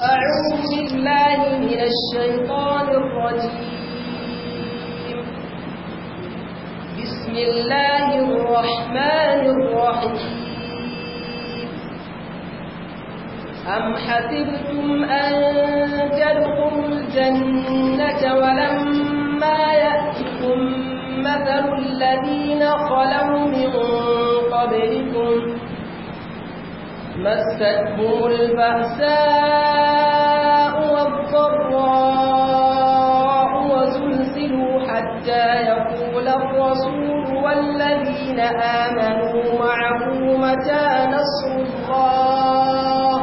أعوذ بالله من الشيطان الرجيم بسم الله الرحمن الرحيم أم حسبتم أن تلقوا الجنة ولما يأتكم مثل الذين خلوا من قبلكم مستهم البأساء والضراء وزلزلوا حتى يقول الرسول والذين آمنوا معه متى نصر الله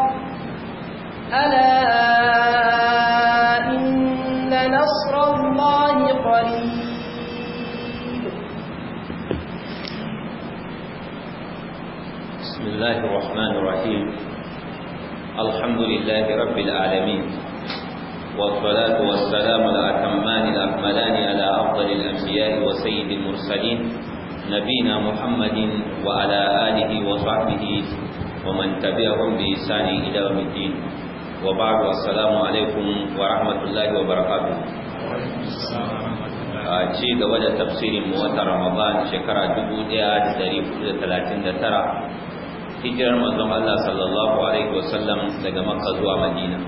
ألا لله رب العالمين والصلاة والسلام الأتمان الأكملان على أفضل الأنبياء وسيد المرسلين نبينا محمد وعلى آله وصحبه ومن تبعهم بإحسان إلى يوم الدين وبعد السلام عليكم ورحمة الله وبركاته ci gaba da tafsirin mu wata Ramadan shekara 1439 hijirar manzon Allah sallallahu alaihi wasallam daga Makka zuwa Madina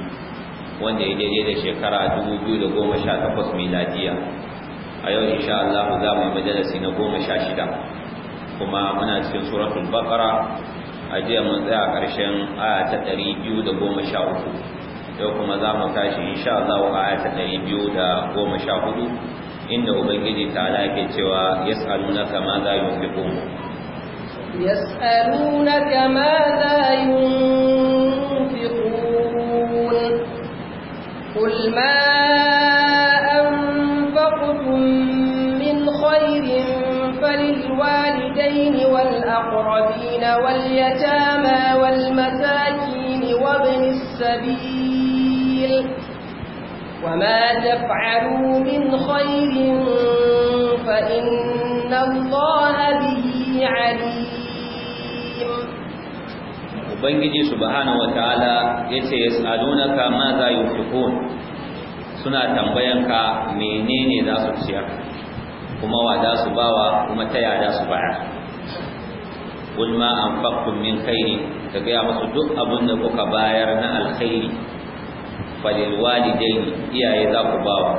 wanda ya daidai da shekara 2018 miladiya a yau insha Allah za mu yi majalisi na 16 kuma muna cikin suratul baqara a jiya mun tsaya karshen aya ta 213 yau kuma za mu tashi insha Allah aya ta 214 inda ubangiji ta yake cewa yas'alunaka ma za yunfiqun يسألونك ماذا ينفقون قل ما أنفقتم من خير فللوالدين والأقربين واليتامى والمساكين وابن السبيل وما تفعلوا من خير فإن الله به عليم ubangiji subhanahu wataala yace yasalunaka ma za yunfiqun suna tambayanka menene za su ciyar kuma wa za su bawa kuma ta yaya su bayar qul ma anfaqtum min khairi ka gaya musu duk abin da kuka bayar na alkhairi lil walidayni iyaye za ku bawa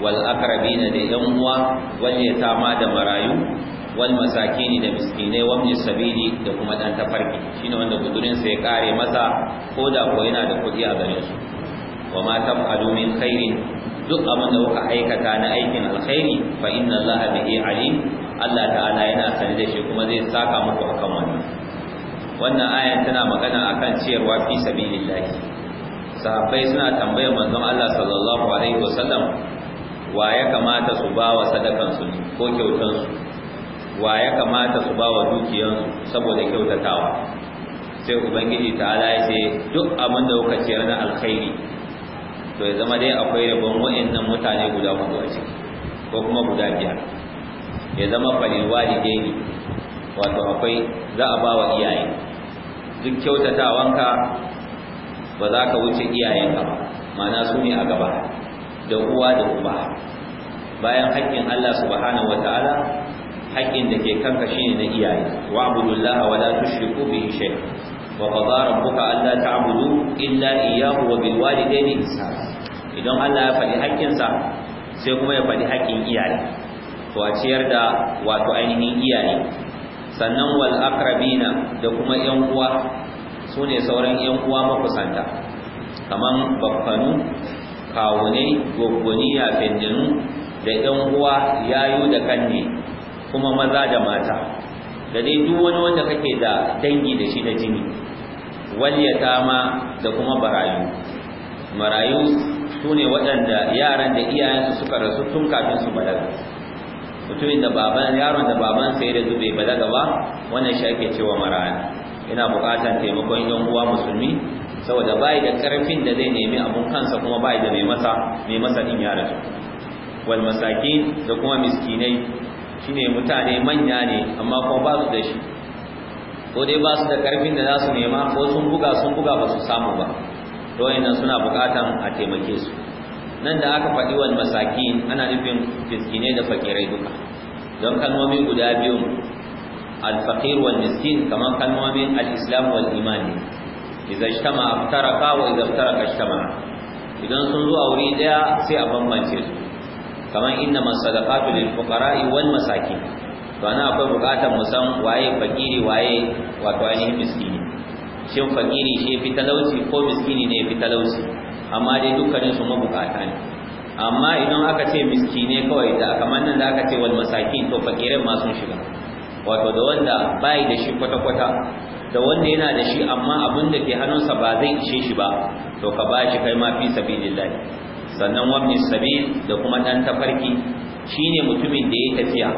wal aqrabina da yan uwa wal yatama da marayu wal masakini da miskinai wa sabili da kuma dan tafarki shine wanda gudurin ya kare masa ko da ko yana da kuɗi a gare su, wa ma taf'alu min khairin duk abin da kuka aikata na aikin alkhairi fa inna allaha bihi alim Allah ta'ala yana sani da shi kuma zai saka muku akan wannan wannan ayan tana magana akan ciyarwa fi sabilillah sahabbai suna tambayar manzon Allah sallallahu alaihi wasallam wa ya kamata su ba wa sadakan su ko kyautan su wa ya kamata su ba wa dukiyansu saboda kyautatawa sai ubangiji ta'ala ya ce duk abin da kuka ciyar na alkhairi to ya zama dai akwai rabon wa'annan mutane guda hudu a ciki ko kuma guda biyar ya zama falil walidaini wato akwai za a ba wa iyaye duk kyautatawanka ba za ka wuce iyayenka ba ma'ana su ne a gaba da uwa da uba bayan haƙƙin Allah subhanahu wataala haƙƙin da ke kanka shine na iyaye wa abudullaha wa la tushriku bihi shay'a wa qadara rabbuka la ta'budu illa iyyahu wa bil walidayni ihsana idan Allah ya faɗi haƙƙinsa sai kuma ya faɗi haƙƙin iyaye to a ciyar da wato ainihin iyaye sannan wal aqrabina da kuma yan uwa sune sauran yan uwa makusanta kaman bakkanu Kawune, gogoni ya fendinu da yan uwa yayu da kanne kuma maza da mata da dai duk wani wanda kake da dangi da shi na jini ma da kuma barayu marayu su ne waɗanda yaran da iyayensu suka rasu tun kafin su balaga mutumin da baban yaron da baban sai da zube balaga ba wannan shi ake cewa marayu, yana buƙatar taimakon yan uwa musulmi saboda bai da karfin da zai nemi abun kansa kuma bai da mai masa mai masa din ya wal masakin da kuma miskinai shine mutane manya ne amma kuma ba su da shi ko dai ba su da karfin da za su nema ko sun buga sun buga ba su samu ba to wayannan suna bukatan a taimake su nan da aka faɗi wani masaki, ana nufin fiskine da fakirai duka don kalmomi guda biyu alfakir wal miskin kamar kalmomin al-islam wal iman idan ijtama aftaraka wa idan aftaraka ijtama idan sun zo a wuri daya sai a bambance su kamar inna masadaqatu lil fuqara'i wal masakin to ana akwai bukatar mu san waye fakiri waye wato ainihin miskini shin fakiri shi fi talauci ko miskini ne fi talauci amma dai dukkanin su mabukata ne amma idan aka ce miskine kawai da kamar nan da aka ce wal masakin to fakirin ma sun shiga wato da wanda bai da shi kwata kwata da wanda yana da shi amma abin da ke hannunsa ba zai ishe shi ba to ka ba shi kai ma fi sabilillah sannan wabni sabil da kuma dan tafarki shine mutumin da ya tafiya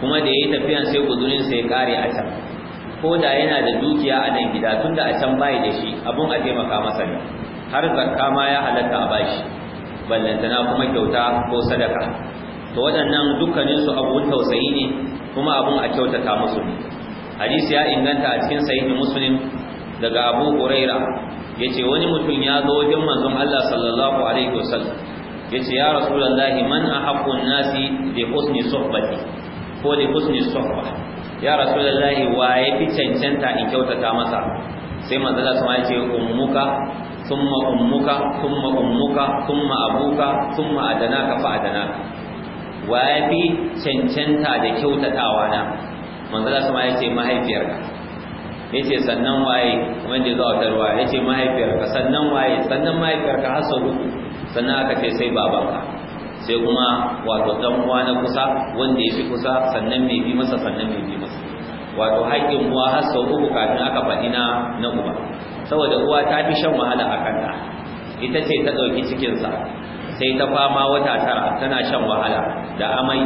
kuma da ya tafiya sai guzurin sai kare a can ko da yana da dukiya a nan gida tunda a can bai da shi abun a taimaka masa ne har zakka ma ya halatta a bashi ballantana kuma kyauta ko sadaka to waɗannan dukkanin su abun tausayi ne kuma abun a kyautata musu ne hadisi ya inganta a cikin sahihi muslim daga Abu Hurairah yace wani mutum ya zo wajen manzon Allah sallallahu alaihi wasallam yace ya rasulullahi man a ahabbu nasi bi husni suhbati ko li husni suhba ya rasulullahi wa yafi cancanta in kyautata masa sai manzon Allah sama yace ummuka thumma ummuka thumma ummuka thumma abuka thumma adanaka fa adanaka wa ya fi cancanta da kyautatawa na manzon Allah sama yace mahaifiyarka yace sannan waye wanda da zuwa ya yace mahaifiyarka sannan waye sannan mahaifiyarka har sau uku sannan aka ce sai babanka sai kuma wato dan uwa na kusa wanda ya fi kusa sannan mai bi masa sannan mai bi masa wato haƙƙin uwa har sau uku kafin aka faɗi na na uba saboda uwa ta fi shan wahala a kanta ita ce ta ɗauki cikinsa sai ta fama wata tara tana shan wahala da amai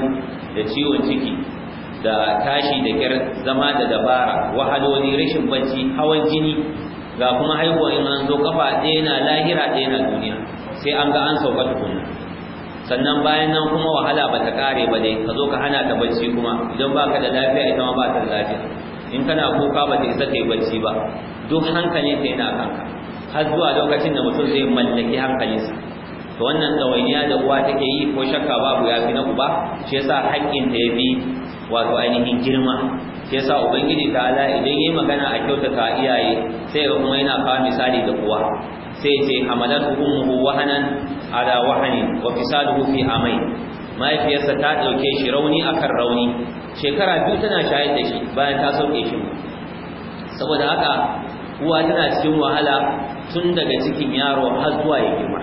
da ciwon ciki da tashi da kyar zama da dabara wahaloli rashin bacci hawan jini ga kuma haihuwa in an zo kafa ɗaya na lahira ɗaya na duniya sai an ga an sauka tukunna sannan bayan nan kuma wahala ba ta kare ba dai ka zo ka hana ta bacci kuma idan baka da lafiya ita ma ba ta lafiya in kana kuka ba ta isa ta yi bacci ba duk hankalin ta yana kanka har zuwa lokacin da mutum zai mallaki hankalinsa to wannan ɗawainiya da uwa take yi ko shakka babu ya fi na uba shi yasa haƙƙin ta ya fi wato ainihin girma yasa ubangiji ala idan yi magana a kyautata iyaye sai ga kuma yana kawo misali da kuwa. sai ce hamalatu ummuhu wahanan ala wahani wa fisaduhu fi amai mahaifiyarsa ta dauke shi rauni akan rauni shekara biyu tana shayar da shi bayan ta sauke shi saboda haka uwa tana cikin wahala tun daga cikin yaro har zuwa ya girma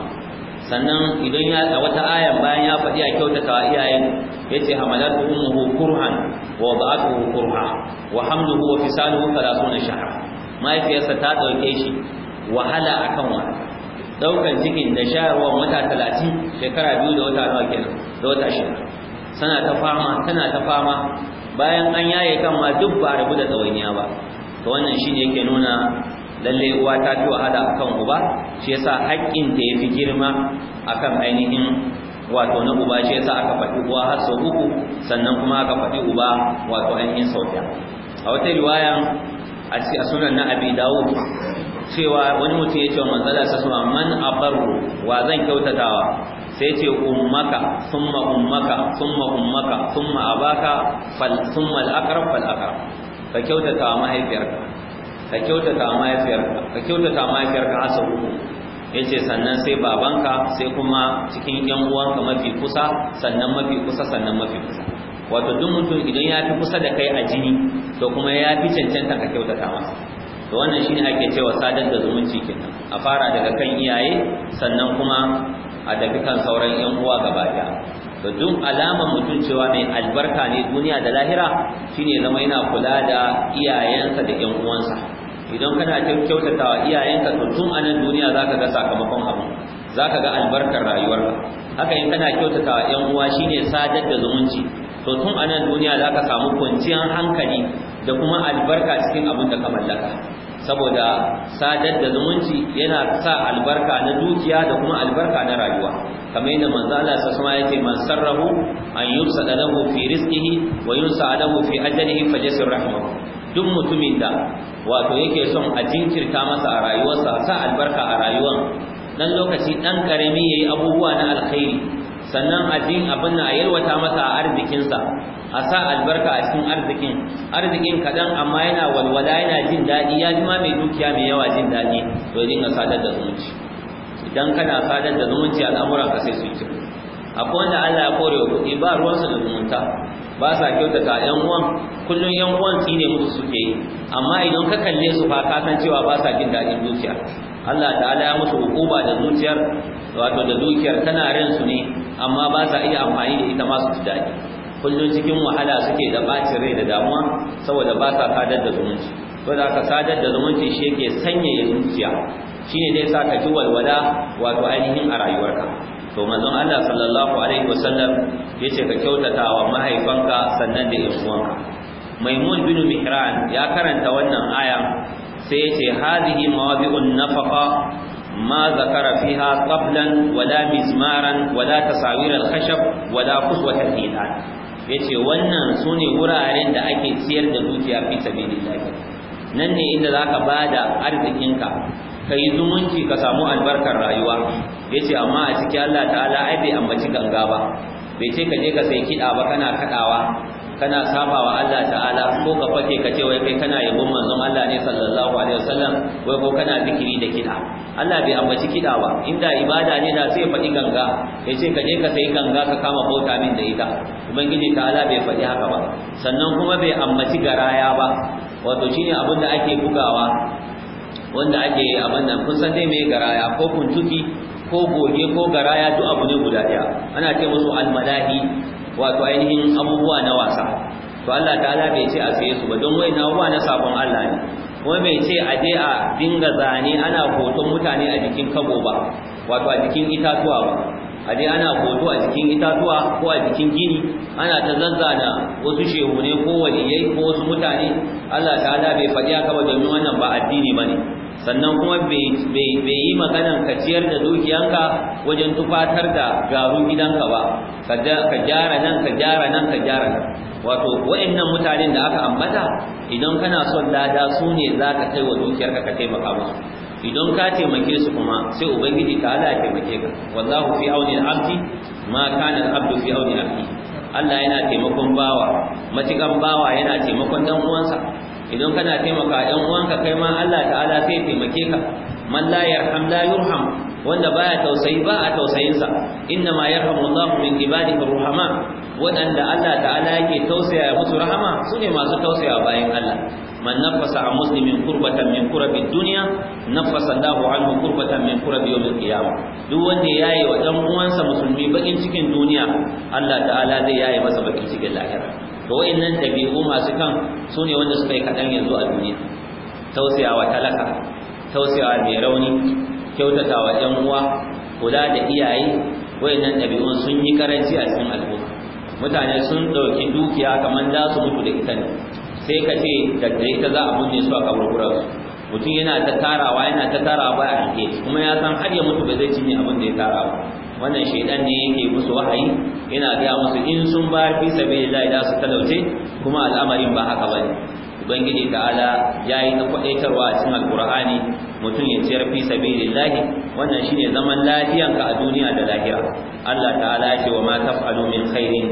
sannan idan ya a wata ayan bayan ya faɗi a kyautata wa iyayen yace hamalatu ummuhu kurhan wa ba'athu kurha wa hamluhu wa fisaluhu 30 shahra mahaifiyarsa ta dauke shi wahala akan wa daukan cikin da shayarwa wata 30 shekara biyu da wata nawa kenan da wata shida sana ta fama tana ta fama bayan an yaye kan ma duk ba rabu da tsawainiya ba to wannan shine yake nuna lalle uwa ta ci wahala akan uba shi yasa haƙƙin ta yafi girma akan ainihin wato na uba shi yasa aka faɗi uwa har sau uku sannan kuma aka faɗi uba wato ainihin sau ɗaya a wata riwaya a cikin sunan na abi dawud cewa wani mutum ya ce wa manzala sa suma man abarru wa zan kyautatawa sai ce ummaka summa ummaka summa ummaka summa abaka fal summa al-aqrab fal aqrab ka kyautatawa mahaifiyarka ka kyautata mahaifiyarka ka kyautata mahaifiyarka asa uku yace sannan sai babanka sai kuma cikin yan uwanka mafi kusa sannan mafi kusa sannan mafi kusa wato duk mutum idan ya fi kusa da kai a jini to kuma ya fi cancanta ka kyautata masa to wannan shine ake cewa sadar da zumunci kenan a fara daga kan iyaye sannan kuma a tafi kan sauran yan uwa gaba ɗaya. to duk alaman mutum cewa mai albarka ne duniya da lahira shine zama yana kula da iyayensa da yan uwansa idan kana kyautatawa iyayenka to tun a nan duniya zaka ga sakamakon abu zaka ga albarkar rayuwarka haka in kana kyautatawa yan uwa shine sadar da zumunci to tun a nan duniya zaka samu kwanciyar hankali da kuma albarka cikin abin da ka mallaka saboda sadar da zumunci yana sa albarka na dukiya da kuma albarka na rayuwa kamar yadda manzo Allah sassama yake man sarrahu an yusada lahu fi rizqihi wa yunsa lahu fi ajrihi fajasir rahmahu duk mutumin da wato yake son a jinkirta masa a rayuwarsa sa albarka a rayuwar dan lokaci dan karami yayi abubuwa na alkhairi sannan a jin abin na yalwata masa a arzikinsa a sa albarka a cikin arzikin arzikin kadan amma yana walwala yana jin daɗi ya ji ma mai dukiya mai yawa jin daɗi to dinga sadar da zumunci idan kana sadar da zumunci al'amuran ka sai su yi akwai wanda Allah ya kore kuɗi ba ruwansa da zumunta ba sa kyautata yan uwan kullun yan uwan tsine musu suke yi amma idan ka kalle su fa ka san cewa ba sa jin dadin zuciya Allah ta'ala ya musu hukuma da zuciyar wato da dukiyar tana ran su ne amma ba sa iya amfani da ita ma su ji dadi kullun cikin wahala suke da bacin rai da damuwa saboda ba sa kadar da zumunci to da ka sadar da zumunci shi yake sanyaya zuciya shine dai sa ka ji walwala wato ainihin a rayuwarka to manzon Allah sallallahu alaihi wasallam yace ka kyautata wa mahaifanka sannan da uwanka maimun bin mihran ya karanta wannan aya sai yace hadhihi mawabi'un nafaqa ma zakara fiha qablan wala mizmaran wala tasawir al-khashab wala quswat al-hidan yace wannan sune wuraren da ake siyar da dukiya fi sabilillah nan ne inda zaka bada arzikinka kai zumunci ka samu albarkar rayuwa yace amma a cikin Allah ta'ala ai bai ambaci ganga ba bai ce ka je ka sai kida ba kana kadawa kana safawa Allah ta'ala ko ka fake ka ce wai kai kana yabon manzon Allah ne sallallahu alaihi wasallam wai ko kana zikiri da kida Allah bai ambaci kida ba inda ibada ne da sai faɗi ganga yace ka je ka sai ganga ka kama bauta min da ita ubangiji ta'ala bai faɗi haka ba sannan kuma bai ambaci garaya ba wato shine abin da ake bugawa wanda ake abin nan kun san dai me garaya ko kuntuki ko goge ko garaya duk abu ne guda daya ana ce musu almadahi wato ainihin abubuwa na wasa to Allah ta'ala bai ce a saye su ba don wai na abubuwa na sabon Allah ne kuma bai ce a je a dinga zane ana hoton mutane a jikin kabo ba wato a jikin itatuwa ba a je ana hoto a jikin itatuwa ko a jikin gini ana ta zazzana wasu shehu ne ko waliyai ko wasu mutane Allah ta'ala bai faɗi haka ba domin wannan ba addini ba ne. sannan kuma bai yi maganan ka ciyar da dukiyanka wajen tufatar da garin gidanka ba ka gyara nan ka gyara nan ka gyara nan wato wa'annan mutanen da aka ambata idan kana son lada su ne za ka kai wa dukiyarka ka taimaka musu idan ka taimake su kuma sai ubangiji ta ala taimake ka wallahu fi auni al-abdi ma kana al-abdu fi auni al Allah yana taimakon bawa matikan bawa yana taimakon dan uwansa idan kana taimaka ɗan uwanka kai ma Allah ta'ala sai taimake ka man la yarham la yurham wanda baya tausayi ba a tausayinsa inna ma yarhamu Allah min ibadihi ruhama wadanda Allah ta'ala yake tausaya musu rahama sune masu tausaya bayan Allah man nafasa a muslimin kurbatan min kurabi dunya nafasa Allahu anhu kurbatan min kurabi yawmil qiyamah duk wanda yayi wa dan uwansa musulmi bakin cikin duniya Allah ta'ala zai yayi masa bakin cikin lahira to wayannan dabi'u masu kan sune wanda suka yi kadan yanzu a duniya tausayawa talaka tausayawa mai rauni kyautatawa yan uwa kula da iyaye wayannan dabi'un sun yi karanci a cikin al'umma mutane sun dauki dukiya kamar za su mutu da ita ne sai ka ce da ita za a bunne su a kaburburan mutum yana ta tarawa yana ta tarawa ba a rike kuma ya san har ya mutu ba zai cinye abin da ya tarawa. wannan shaidan ne yake musu wahayi yana ga musu in sun bayar fi sabilillah da su talauce kuma al'amarin ba haka bane ubangiji ta'ala yayi na kwadaitarwa a cikin alqur'ani mutum ya ciyar fi sabilillah wannan shine zaman lafiyanka a duniya da lahira Allah ta'ala ya ce wa ma taf'alu min khairin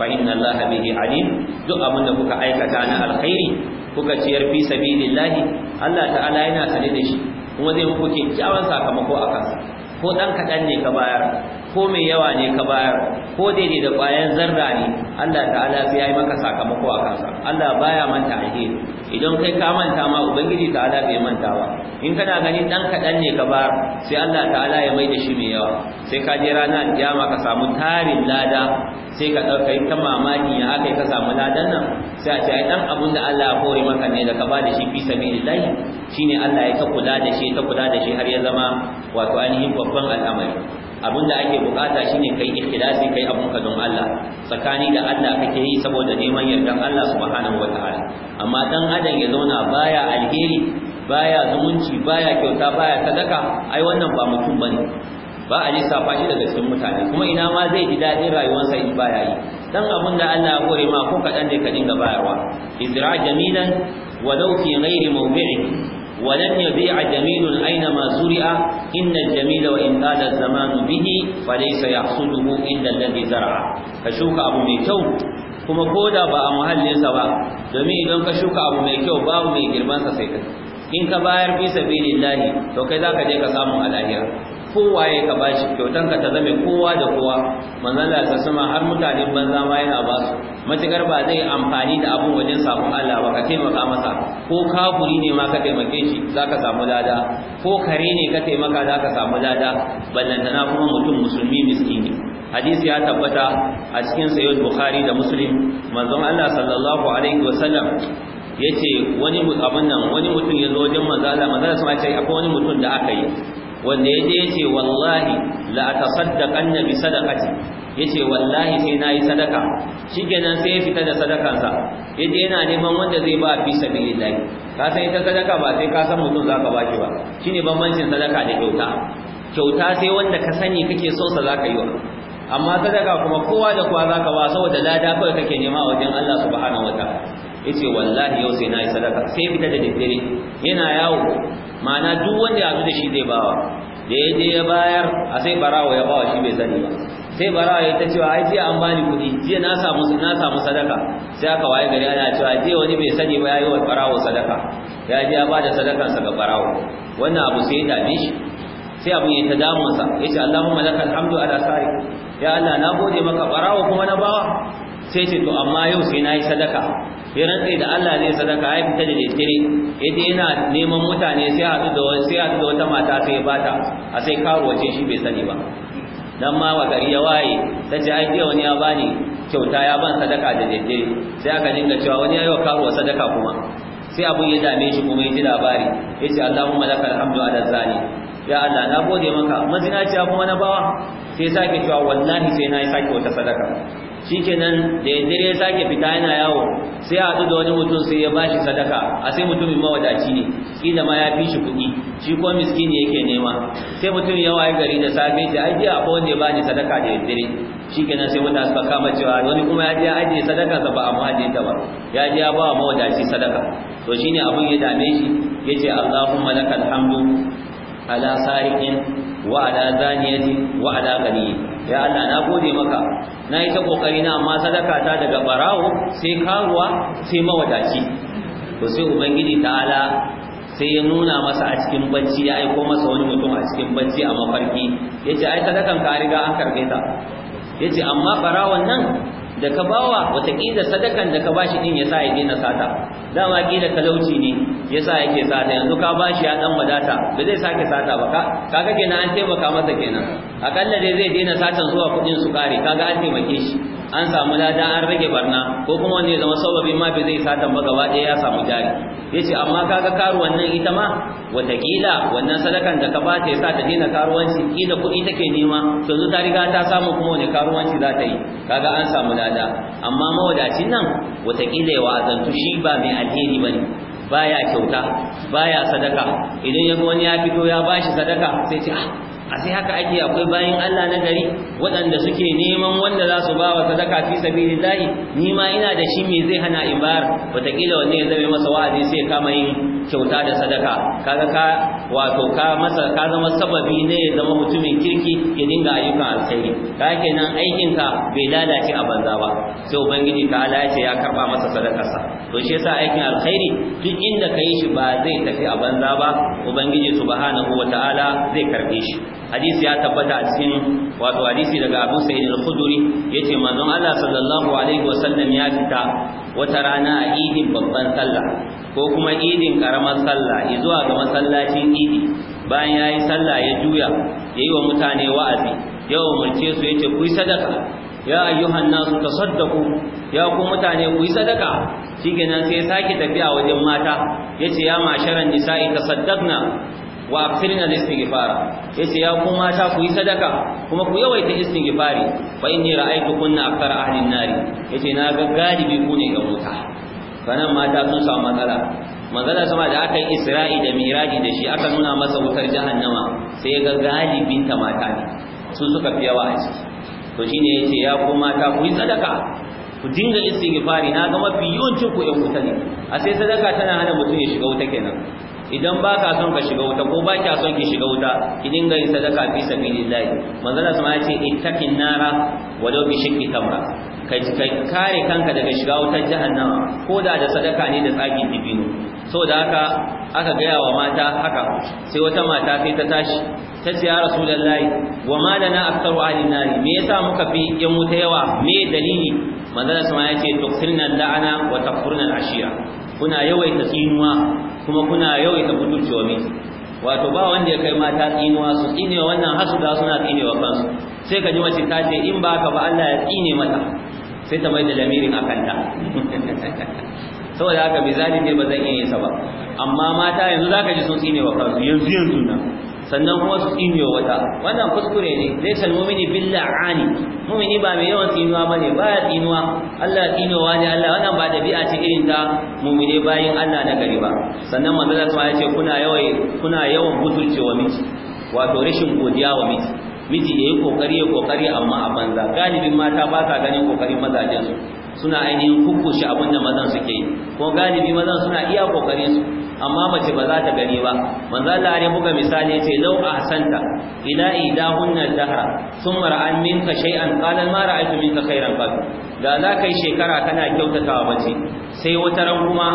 fa inna Allah bihi alim duk abin da kuka aikata na alkhairi kuka ciyar fi sabilillah Allah ta'ala yana sane da shi kuma zai muku kyakkyawan sakamako a kansa ko dan kadan ne ka bayar ko mai yawa ne ka bayar ko daidai da ƙwayan zarra ne Allah ta'ala sai yayi maka sakamako a kansa Allah baya manta alheri idan kai ka manta ma ubangiji ta'ala bai manta ba in kana ganin dan kadan ne ka bayar sai Allah ta'ala ya mai da shi mai yawa sai ka je ranar kiyama ka samu tarin lada sai ka dauka ta mamaki ya haka ka samu ladan nan sai a ce ai dan abun da Allah ya kore maka ne da ka ba da shi fi sabilillah shine Allah ya ta kula da shi ta kula da shi har ya zama wato ainihin babban al'amari abinda ake bukata shine kai ikhlasi kai abun ka don Allah tsakani da Allah kake yi saboda neman yardan Allah subhanahu ta'ala amma dan adam ya zauna baya alheri baya zumunci baya kyauta baya sadaka ai wannan ba mutum bane ba a lissafa shi daga cikin mutane kuma ina ma zai ji daɗin rayuwarsa in baya yi dan abun da Allah ya kore ma ko kaɗan ne ka dinga bayarwa izra jamilan walau fi ghairi mawdi'i ولن يبيع جميل أينما زرع إن الجميل وإن آل الزمان به فليس يحصده إلا الذي زرع فشوك أبو ميكو كما كودا با محل سبا دومي إذن كشوك أبو ميكو باب ميكربان سيكت إن كبائر في سبيل الله تو كذا كذا كسام الأهيرة ya ka bashi kyautan ka ta zame kowa da kowa Allah ta sama har mutanen banza ma yana ba su matigar ba zai amfani da abun wajen sabon Allah ba ka taimaka masa ko kafuri ne ma ka taimake shi zaka samu lada ko kare ne ka taimaka zaka samu lada ballantana kuma mutum musulmi miskini hadisi ya tabbata a cikin sayyid bukhari da muslim manzon Allah sallallahu alaihi wasallam yace wani abun nan wani mutum ya zo wajen manzala manzala sama ya ce akwai wani mutum da aka yi wanda yaje yace wallahi la atasaddaqanna bi sadaqati yace wallahi sai nayi sadaka shikenan sai ya fita da sadakansa yace yana neman wanda zai ba fi sabilillah ka san ita sadaka ba sai ka san mutum zaka baki ba shine bambancin sadaka da kyauta kyauta sai wanda ka sani kake so sa zaka yi wa amma sadaka kuma kowa da kowa zaka ba saboda lada kawai kake nema wajen Allah subhanahu wataala yace wallahi yau sai nayi sadaka sai fita da daddare yana yawo ma'ana duk wanda ya da shi zai bawa da ya je ya bayar a sai barawa ya bawa shi bai sani ba sai barawa ya ta cewa ai jiya an bani kuɗi jiya na samu sadaka sai aka waye gari ana cewa jiya wani bai sani ba ya yi wa barawa sadaka ya je ya bada sadakansa ga barawo wannan abu sai ya dame shi sai abu ya ta damunsa ya ce Allahumma lakal hamdu ala sari ya Allah na gode maka barawo kuma na bawa sai ce to amma yau sai na yi sadaka ya rantsi da Allah zai sadaka ya fita da daddare idan yana neman mutane sai haɗu da sai da wata mata sai ya bata a sai karuwa ce shi bai sani ba dan ma wa gari ya waye tace ai jiya wani ya bani kyauta ya ban sadaka da daddare sai aka dinga cewa wani ya yi wa karuwa sadaka kuma sai abun ya dame shi kuma ya ji labari yace Allahumma lakal hamdu ala zani ya Allah na gode maka mazinaciya kuma na bawa sai sake cewa wallahi sai na yi sake wata sadaka Shi kenan da dare ya sake fita yana yawo sai a haɗu da wani mutum sai ya bashi sadaka a sai mutumin mawadaci ne da ma ya fi shi kuɗi shi ko miskini yake nema sai mutum ya waye gari da safe shi ai a kowane ya bani sadaka da dare kenan sai mutane suka kama cewa wani kuma ya je ya ajiye sadaka sa ba a ta ba ya je ya ba wa mawadaci sadaka to shine abun ya dame shi yace Allahumma lakal hamdu ala sariqin wa ala zaniyati wa ala ghani ya Allah na gode maka na yi ta kokari na amma sadaka ta daga barawo sai karuwa sai mawadaci to sai ubangiji ta'ala sai ya nuna masa a cikin bacci ya aiko masa wani mutum a cikin bacci a mafarki ya ai sadakan ka riga an karbe ta ya amma barawon nan da ka bawa watakila sadakan da ka bashi din ya sa ya daina sata dama kila talauci ne yasa yake sata yanzu ka bashi ya dan wadata ba zai sake sata ba ka kaga kenan an taimaka masa kenan akalla dai zai daina satan zuwa kudin su kare kaga an taimake shi an samu lada an rage barna ko kuma wanda ya zama sababin ma bai zai satan ba gaba ɗaya ya samu jari yace amma kaga karuwan nan ita ma watakila wannan sadakan da ka ba ta yasa ta daina karuwanci kila kuɗi take nema to ta riga ta samu kuma wani karuwanci za ta yi kaga an samu lada amma mawadacin nan watakila ya wa'azantu shi ba mai alheri ne. baya kyauta baya sadaka idan yaga wani ya fito ya bashi sadaka sai ce ah, a sai haka ake akwai bayin Allah na gari waɗanda suke neman wanda za su bawa sadaka fi sabilillahi ni ma ina da shi me zai hana in bayar wataƙila wanne ya zame masa wa'azi sai kama yin kyauta da sadaka kaga ka wato ka masa ka zama sababi ne ya zama mutumin kirki ya dinga ayyukan alkhairi ka kenan aikin ka bai lalace a banza ba sai ubangiji ta Allah ya ce ya karba masa sadakarsa to shi yasa aikin alkhairi duk inda ka yi shi ba zai tafi a banza ba ubangiji subhanahu wataala zai karbe shi hadisi ya tabbata a cikin wato hadisi daga Abu Sa'id al-Khudri yace manzon Allah sallallahu alaihi wasallam ya fita wata rana a idin babban sallah ko kuma idin karamar sallah zuwa ga masallacin idi bayan yayi sallah ya juya ya yi wa mutane wa'azi ya umarce su ya ku yi sadaka ya ayyuhan nasu tasaddaqu ya ku mutane ku yi sadaka shikenan sai sake tafiya wajen mata yace ya masharan nisa'i tasaddaqna wa absirna al-istighfar yace ya ku mata ku yi sadaka kuma ku yawaita istighfari fa inni ra'aytukunna akthar ahli an nari yace na ga galibi ku ne ga mutane sanan mata sun samu matsala manzala sama da aka yi isra'i da miraji da shi aka nuna masa wutar jahannama sai ga galibin ta mata ne su suka fi yawa a ciki to shine yace ya ku mata ku yi sadaka ku dinga istighfari na ga mafi yawancin ku ƴan wuta ne a sai sadaka tana hana mutum ya shiga wuta kenan idan ba ka son ka shiga wuta ko ba ka son ki shiga wuta ki dinga yin sadaka fi sabilillah manzala sama yace ittaqin nara walau bi shakki tamra ka kare kanka daga shiga wutar jahannama ko da da sadaka ne da tsakin dibino saboda haka aka gaya wa mata haka sai wata mata sai ta tashi ta ce ya rasulullahi wa ma lana aktharu ahli nari me yasa muka fi yan wuta yawa me dalili manzon sama ya ce tuksirna la'ana wa takfurna ashira kuna yawaita tsinuwa kuma kuna yawaita butulcewa miji wato ba wanda ya kai mata tsinuwa su tsinewa wannan hasu da suna tsinewa kansu sai ka ji mace ta ce in ba ka ba Allah ya tsine mata sai ta mai da lamirin a kanta saboda haka misali ne ba zan iya yin sa ba amma mata yanzu zaka ji sun tsine wa kansu yanzu yanzu na sannan kuma su tsine wata wannan kuskure ne mumini almu'minu billa'ani mu'mini ba mai yawan tsinuwa Ba ya tsinuwa Allah tsinuwa ne Allah wannan ba dabi'a ce irin ta mu'mini bayin Allah na gari ba sannan manzo Allah ya ce kuna yawan kuna yawan mutuncewa wa miji wato rashin godiya wa miji miji ya yi kokari ya kokari amma a banza galibin mata ba sa ganin kokarin mazajen su suna ainihin kukkushe abin da mazan suke yi ko galibi mazan suna iya kokarin su amma mace ba za ta gani ba manzo Allah ne buga misali ce law ahsanta ila idahunna dahra thumma ra'an minka shay'an qala mara ra'aytu minka khairan fa da za kai shekara kana kyautatawa mace sai wata ran kuma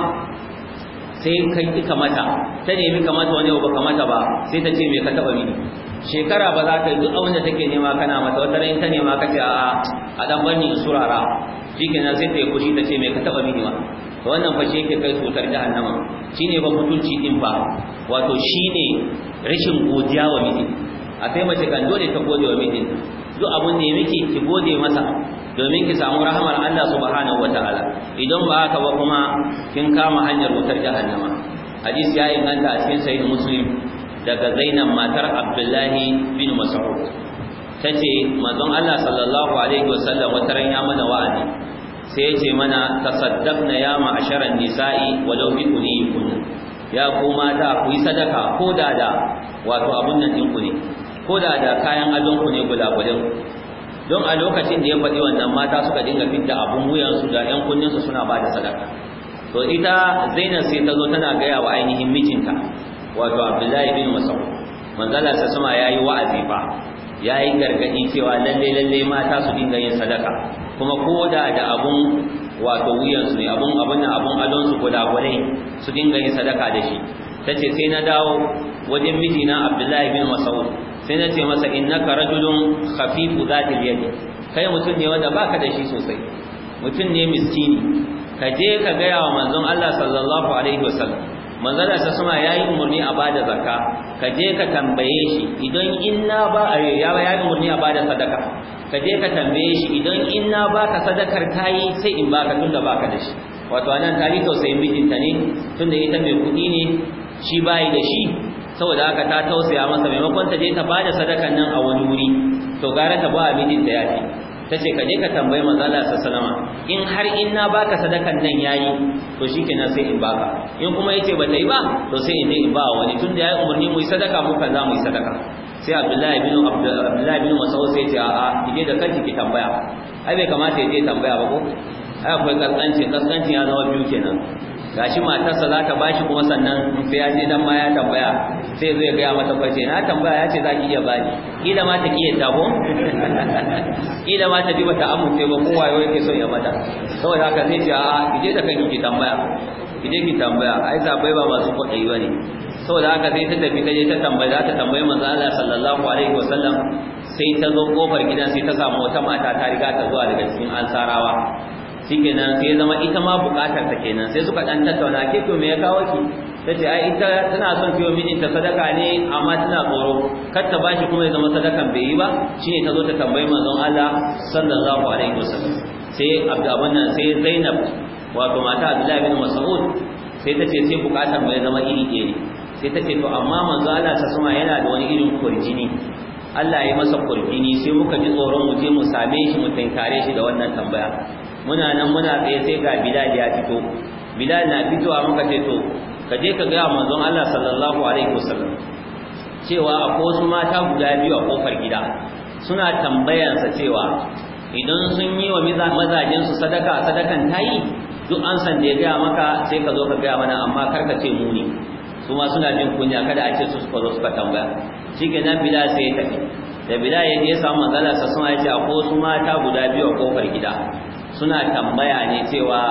sai kai ka mata ta nemi kamata wani ba kamata ba sai ta ce me ka taba mini shekara ba za ka yi duk abin da take nema kana mata wata ran ta nema ka a a dan banni surara na sai ta yi kushi ta ce me ka taba mini to wannan fa shi yake kai cutar jahannama shine ba mutunci din ba wato shine rashin godiya wa miji a kai mace kan dole ta gode wa mijin duk abin da yake miki ki gode masa domin ki samu rahmar Allah subhanahu wataala idan ba haka ba kuma kin kama hanyar wutar jahannama hadisi ya inganta a cikin sahih muslim daga Zainab matar Abdullahi bin Mas'ud tace manzon Allah sallallahu alaihi wasallam ran ya mana wa'adi sai yace mana tasaddaqna ya ashirin nisa'i walau bi kunna ya kuma ta, ku yi sadaka ko da da wato abun nan din ku ne ko da da kayan adon ku ne gulagulan don a lokacin da ya faɗi wannan mata suka dinga fidda abun wuyansu da 'yan kunninsu suna ba da sadaka to ita zainab sai ta zo tana gaya wa ainihin mijinta wato abdullahi bin mas'ud manzala sa sama yayi wa'azi fa yayi gargadi cewa lalle lalle mata su dinga yin sadaka kuma koda da abun wato wuyansu ne abun abun nan abun adon su guda gure su dinga yin sadaka da shi tace sai na dawo wajen mijina abdullahi bin mas'ud sai na ce masa innaka rajulun khafifu zatil yad kai mutum ne wanda baka da shi sosai mutum ne miskini ka je ka gaya wa manzon Allah sallallahu alaihi wasallam manzala ta sama yayi umurni a bada zakka ka je ka tambaye shi idan inna ba ya yayi umurni a bada sadaka ka je ka tambaye shi idan inna ba ka sadakar tayi sai in baka tunda baka da shi wato anan ta yi tausayin mijinta ne tunda ita mai kudi ne shi bayi da shi saboda haka ta tausaya masa maimakon ta je ta bada sadakan nan a wani wuri to gara ta ba mijinta ya ce ta ce kaje ka tambayi manzala sallama in har in na baka sadakan nan yayi to shikenan sai in baka in kuma yace ba ta yi ba to sai in je in ba wani tunda yayi umarni mu yi sadaka mu kaza mu yi sadaka sai Abdullahi bin Abdullahi bin Mas'ud sai ce a'a kije da kanki ki tambaya ai bai kamata yaje je tambaya ba ko ai akwai kaskanci kaskanci ya zama biyu kenan gashi matarsa za ta bashi kuma sannan sai ya ce dan ma ya tambaya sai zai gaya mata kwace na tambaya ya ce za ki iya bani kila ma ta kiyaye ta ko kila ma ta ji bata amince ba ko wayo yake son ya mata saboda haka zai ce a'a ki je da kanki ki tambaya ki je ki tambaya ai sabai ba masu kwaɗayi ba ne saboda haka sai ta tafi ta je ta tambaye za ta tambayi manzo Allah sallallahu alaihi wasallam sai ta zo kofar gidan sai ta samu wata mata ta riga ta zuwa daga cikin ansarawa nan sai zama ita ma bukatar ta kenan sai suka dan tattauna ke to me ya kawo ki tace ai ita tana son kiyo mini ta sadaka ne amma tana tsoro kar ta bashi kuma ya zama sadakan bai yi ba shine ta zo ta tambayi manzon Allah sallallahu alaihi wasallam sai abdu nan sai Zainab wato mata Abdullahi bin Mas'ud sai tace sai bukatar mai ya zama iri ke ne sai tace to amma manzo Allah sa sama yana da wani irin kurjini Allah ya yi masa kurjini sai muka ji tsoron mu je mu same shi mu tinkare shi da wannan tambaya muna nan muna tsaye sai ga bilal ya fito bilal na fitowa muka ce to ka je ka ga manzon Allah sallallahu alaihi wasallam cewa akwai wasu mata guda biyu a kofar gida suna tambayansa cewa idan sun yi wa mazajen su sadaka sadakan tayi duk an san da ya gaya maka sai ka zo ka gaya mana amma kar ka ce mu ne su ma suna jin kunya kada a ce su suka zo suka tambaya shi ke nan bila sai ya tafi da bila ya je samu manzala sa suna ya ce akwai wasu mata guda biyu a kofar gida suna tambaya ne cewa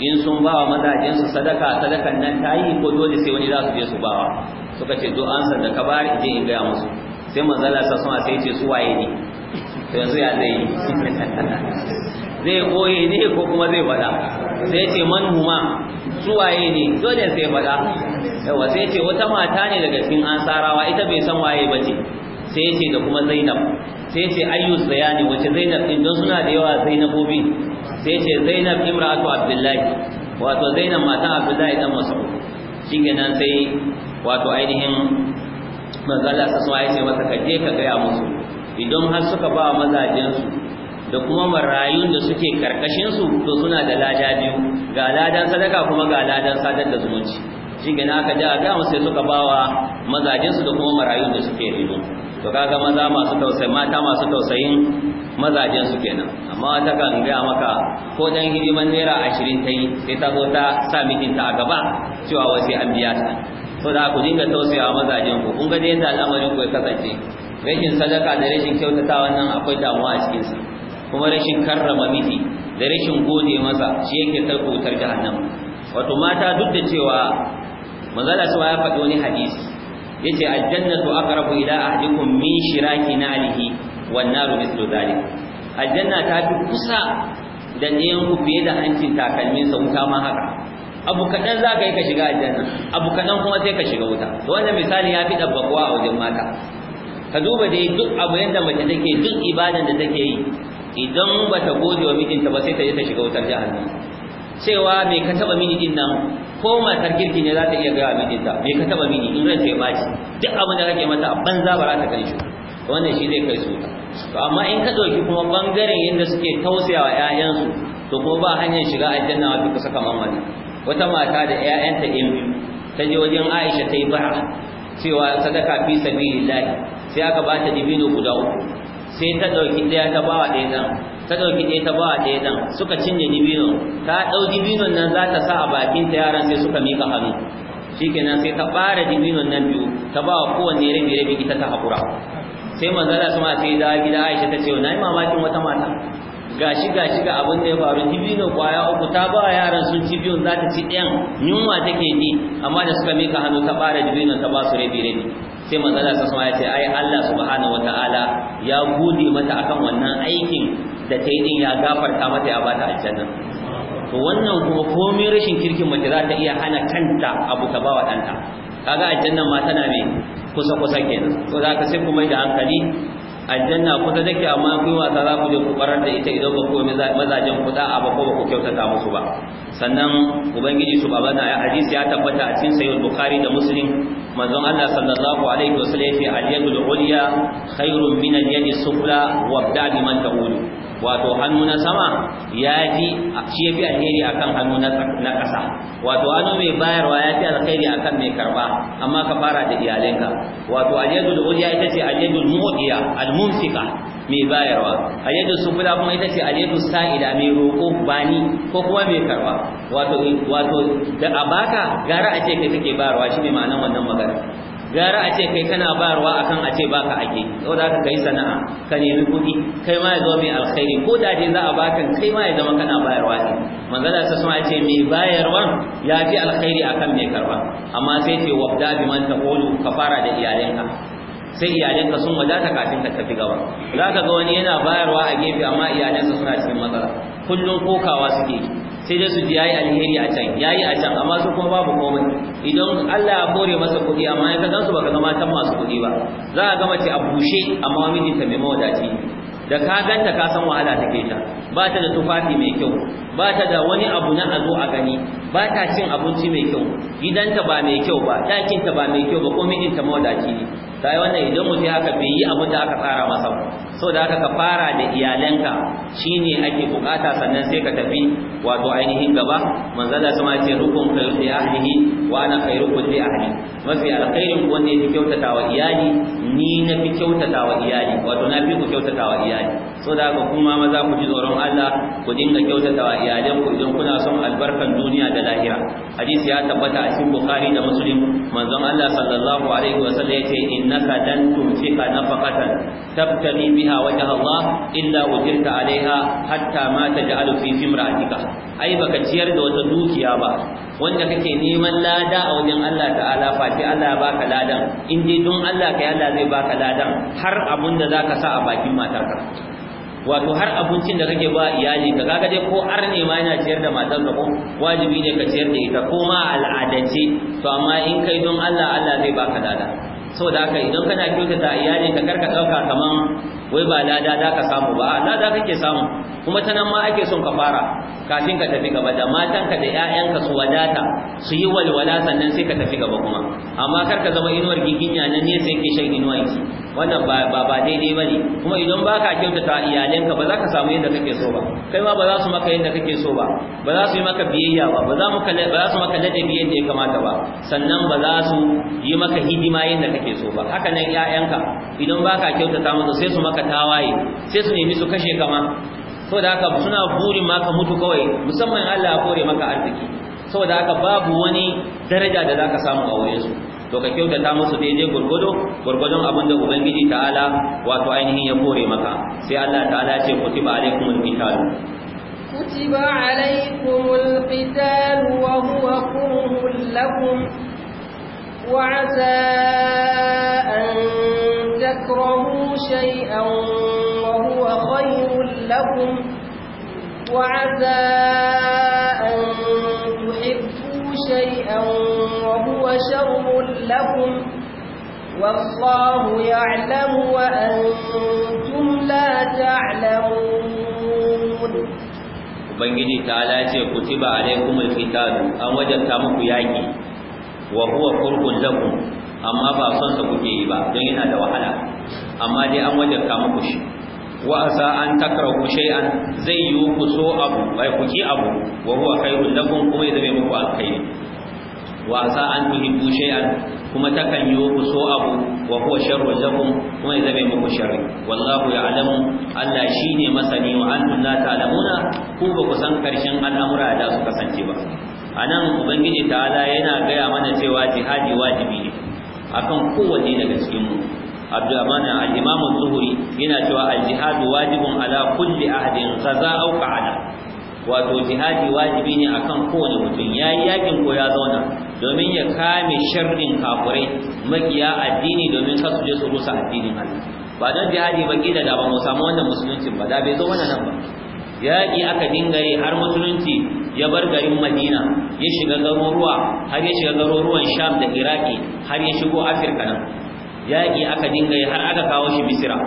in sun ba wa su sadaka sadakan nan ta yi ko dole sai wani za su je su bawa suka ce zo an sanda ka bari je in gaya musu sai manzala sa sama sai ce su waye ne to yanzu ya zai yi zai koye ne ko kuma zai faɗa sai ce man huma su waye ne dole sai faɗa yawa sai ce wata mata ne daga cikin ansarawa ita bai san waye ba ce sai ce da kuma zainab sai ce ayyuz bayani wace zainab din don suna da yawa zainabobi sai ce zainab imra'atu abdullahi wato zainab mata abdullahi dan mas'ud shikenan sai wato ainihin manzala sa sai ce mata ka je ka gaya musu idan har suka ba mazajen su da kuma marayun da suke karkashin su to suna da lada biyu ga ladan sadaka kuma ga ladan sadar da zumunci shikenan aka ji a ga musu suka bawa mazajin su da kuma marayun da suke rido to kaga maza masu tausayi mata masu tausayin mazajen su kenan amma ta kan gaya maka ko dan hidiman naira ashirin ta yi sai ta zo ta sa mijinta a gaba cewa wai sai an biya ta to da ku dinga tausayawa mazajen ku kun ga dai yadda al'amarin ku ya kasance rashin sadaka da rashin kyautata wannan akwai damuwa a cikin sa kuma rashin karrama miji da rashin gode masa shi yake tarko wutar jahannama wato mata duk da cewa manzala ya faɗi wani hadisi yace aljannatu aqrabu ila ahdikum min shiraki narihi wan naru mislu dhalik aljanna ta fi kusa da ɗayan ku fiye da hancin takalmin sa wuta ma haka abu kadan za ka yi ka shiga aljanna abu kadan kuma sai ka shiga wuta to wannan misali ya fi ɗabbaƙuwa a wajen mata ka duba dai duk abu yadda mace take duk ibadan da take yi idan ba ta gode wa mijinta ba sai ta je ta shiga wutar jahannama cewa me ka taba mini din nan ko matar girki ne za ta iya gaya mijinta me ka taba mini in rance ya baci duk abin da kake mata a banza ba ta kai shi wannan shi zai kai su to amma in ka dauki kuma bangaren yadda suke tausayawa 'ya'yansu, to ko ba hanyar shiga aljanna wa duka saka mamman wata mata da 'ya'yanta ɗin biyu ta je wajen Aisha ta yi bara cewa sadaka fi sabilillah sai aka ba ta dibino guda uku sai ta dauki ɗaya ta bawa ɗaya nan ta dauki ɗaya ta ba ɗaya dan suka cinye dibino ta dau dibinon nan za ta sa a bakin ta yaran sai suka mika hannu shikenan sai ta fara dibinon nan biyu ta ba wa kowanne rabi rabi ita ta hakura sai manzala sama sai da gida Aisha ta ce na yi mamakin wata mata gashi gashi ga abin da ya faru dibino kwaya uku ta ba yaran sun ci biyun za ta ci ɗayan yunwa take ni amma da suka mika hannu ta bara dibinon ta ba su rabi rabi sai manzala sama ya ce ai Allah subhanahu wataala ya gode mata akan wannan aikin da ta yi din ya gafarta mata ya bata aljanna wannan kuma komai rashin kirkin mace za ta iya hana kanta abu ta bawa danta kaga aljanna ma tana me kusa kusa kenan to za ka sai kuma da hankali aljanna kusa take amma kai wasa za ku je ku barar da ita idan ba ku mazajen ku da ba ko ba ku kyautata musu ba sannan ubangiji subhanahu ya hadisi ya tabbata a cikin sahih bukhari da muslim manzon Allah sallallahu alaihi wasallam ya ce al ulya khairun min al sufla wabda biman ta'ulu wato hannu na sama ya fi shi yafi alheri akan hannu na ƙasa wato hannu mai bayarwa ya fi alheri akan mai karba amma ka fara da iyalinka wato alyadul ulya ita ce alyadul mu'diya almumsika mai bayarwa alyadul sufla kuma ita ce alyadul sa'ida mai roƙo bani ko kuma mai karba wato wato da abaka gara a ce kai kake bayarwa shine ma'anar wannan magana gara a ce kai kana bayarwa akan a ce baka ake saboda ka kai sana'a ka nemi kuɗi kai ma ya zama mai alkhairi ko da dai za a baka kai ma ya zama kana bayarwa ne manzala ta a ce mai bayarwa ya fi alkhairi akan mai karba amma sai ce wabda bi man taqulu ka fara da iyalinka sai iyalinka sun wadata kafin ka tafi gaba za ka ga wani yana bayarwa a gefe amma iyalinsa suna cikin matsala kullum kokawa suke sai dai su ji yayi alheri a can yayi a can amma su kuma babu komai idan Allah ya kore masa kuɗi amma ya kasan su baka ga matan masu kuɗi ba za a ga mace a bushe amma ta mai mawadaci da ka ganta ka san wahala take ta ba ta da tufafi mai kyau ba ta da wani abu na azo a gani ba ta cin abinci mai kyau gidanta ba mai kyau ba ta ba mai kyau ba komai ɗin ta mawadaci ne sai wannan idan mutum haka bai yi abin da aka tsara masa ba so da aka fara da iyalanka shine ake bukata sannan sai ka tafi wato ainihin gaba manzala sama ce rukun fil ahlihi wa ana khairukum li ahli mafi alkhairin wanne yake kyautata wa iyali ni na fi kyautata wa iyali wato na fi ku kyautata wa iyali so da haka kuma maza ku ji tsoron Allah ku dinga kyautata wa iyalan ku idan kuna son albarkan duniya da lahira hadisi ya tabbata a cikin bukhari da muslim manzon Allah sallallahu alaihi wasallam yace innaka lan tunfiqa nafaqatan tabtali biha wajha Allah illa wajirta alaiha hatta mata taj'alu fi imra'atika ai baka ciyar da wata dukiya ba wanda kake neman lada a wajen Allah ta'ala fati Allah baka ladan in dai don Allah kai Allah zai baka ladan har abun da zaka sa a bakin matarka wato har abincin da kake ba iyali ka kaga ko har ma yana ciyar da matar ka ko wajibi ne ka ciyar da ita ko ma al'adance to amma in kai don Allah Allah zai baka lada da haka idan kana kyautata iyali ka karka dauka kaman wai ba lada da ka samu ba lada kake samu kuma ta ma ake son ka fara kafin ka tafi gaba da matanka da ƴaƴanka su wadata su yi walwala sannan sai ka tafi gaba kuma amma kar ka zama inuwar giginya nan ne sai ke shan inuwa yake wannan ba ba daidai ne. kuma idan baka kyautata iyalanka ba za ka samu yadda kake so ba kai ma ba za su maka yadda kake so ba ba za su yi maka biyayya ba ba za mu kalle ba za su maka ladabi yadda ya kamata ba sannan ba za su yi maka hidima yadda kake so ba haka nan ka idan baka kyautata musu sai su maka tawaye sai su nemi su kashe kama saboda haka suna burin maka mutu kawai musamman Allah ya kore maka arziki saboda haka babu wani daraja da zaka samu a wurin su to ka kyautata musu daidai gurgudu gurgudun abin da ubangiji ta'ala wato ainihin ya kore maka sai Allah ta'ala ce kutiba alaikumul qital كتب عليكم القتال وهو كره لكم وعسى أن تكرهوا شيئا وهو خير لكم وعسى أن تحبوا شيئا شر لكم والله يعلم وأنتم لا تعلمون Ubangiji ta lace ku ci tiba alaikum alqitalu an wajanta muku yaki wa huwa kurhun lakum amma ba son ku kuke yi ba don yana da wahala amma dai an wajanta muku shi wa asa an takrahu shay'an zai yi ku so abu bai ku ki abu wa huwa khairul lakum kuma ya zame muku alkhairi wa sa an tuhibbu shay'an kuma takan yi ku so abu wa huwa sharru lakum kuma ya zame muku sharri wallahu ya'lamu Allah shine masani wa antum la ta'lamuna ku ba ku san karshen al'amura da su kasance ba anan ubangiji ta'ala yana gaya mana cewa jihadi wajibi ne akan kowanne daga cikin mu Abdurrahman al-Imam az-Zuhri yana cewa al-jihadu wajibun ala kulli ahdin qaza aw qa'ada wato jihadi wajibi ne akan kowane mutum yayi yakin ko ya zauna domin ya kame sharrin kafurai maƙiya, addini domin kar suje je su rusa addinin Allah ba don jihadi ba kila da ba mu samu wannan musuluncin ba da bai zo nan ba yaƙi aka dinga yi har musulunci ya bar garin madina ya shiga garuruwa har ya shiga garuruwan sham da iraki har ya shigo afirka nan yaƙi aka dinga har aka kawo shi misira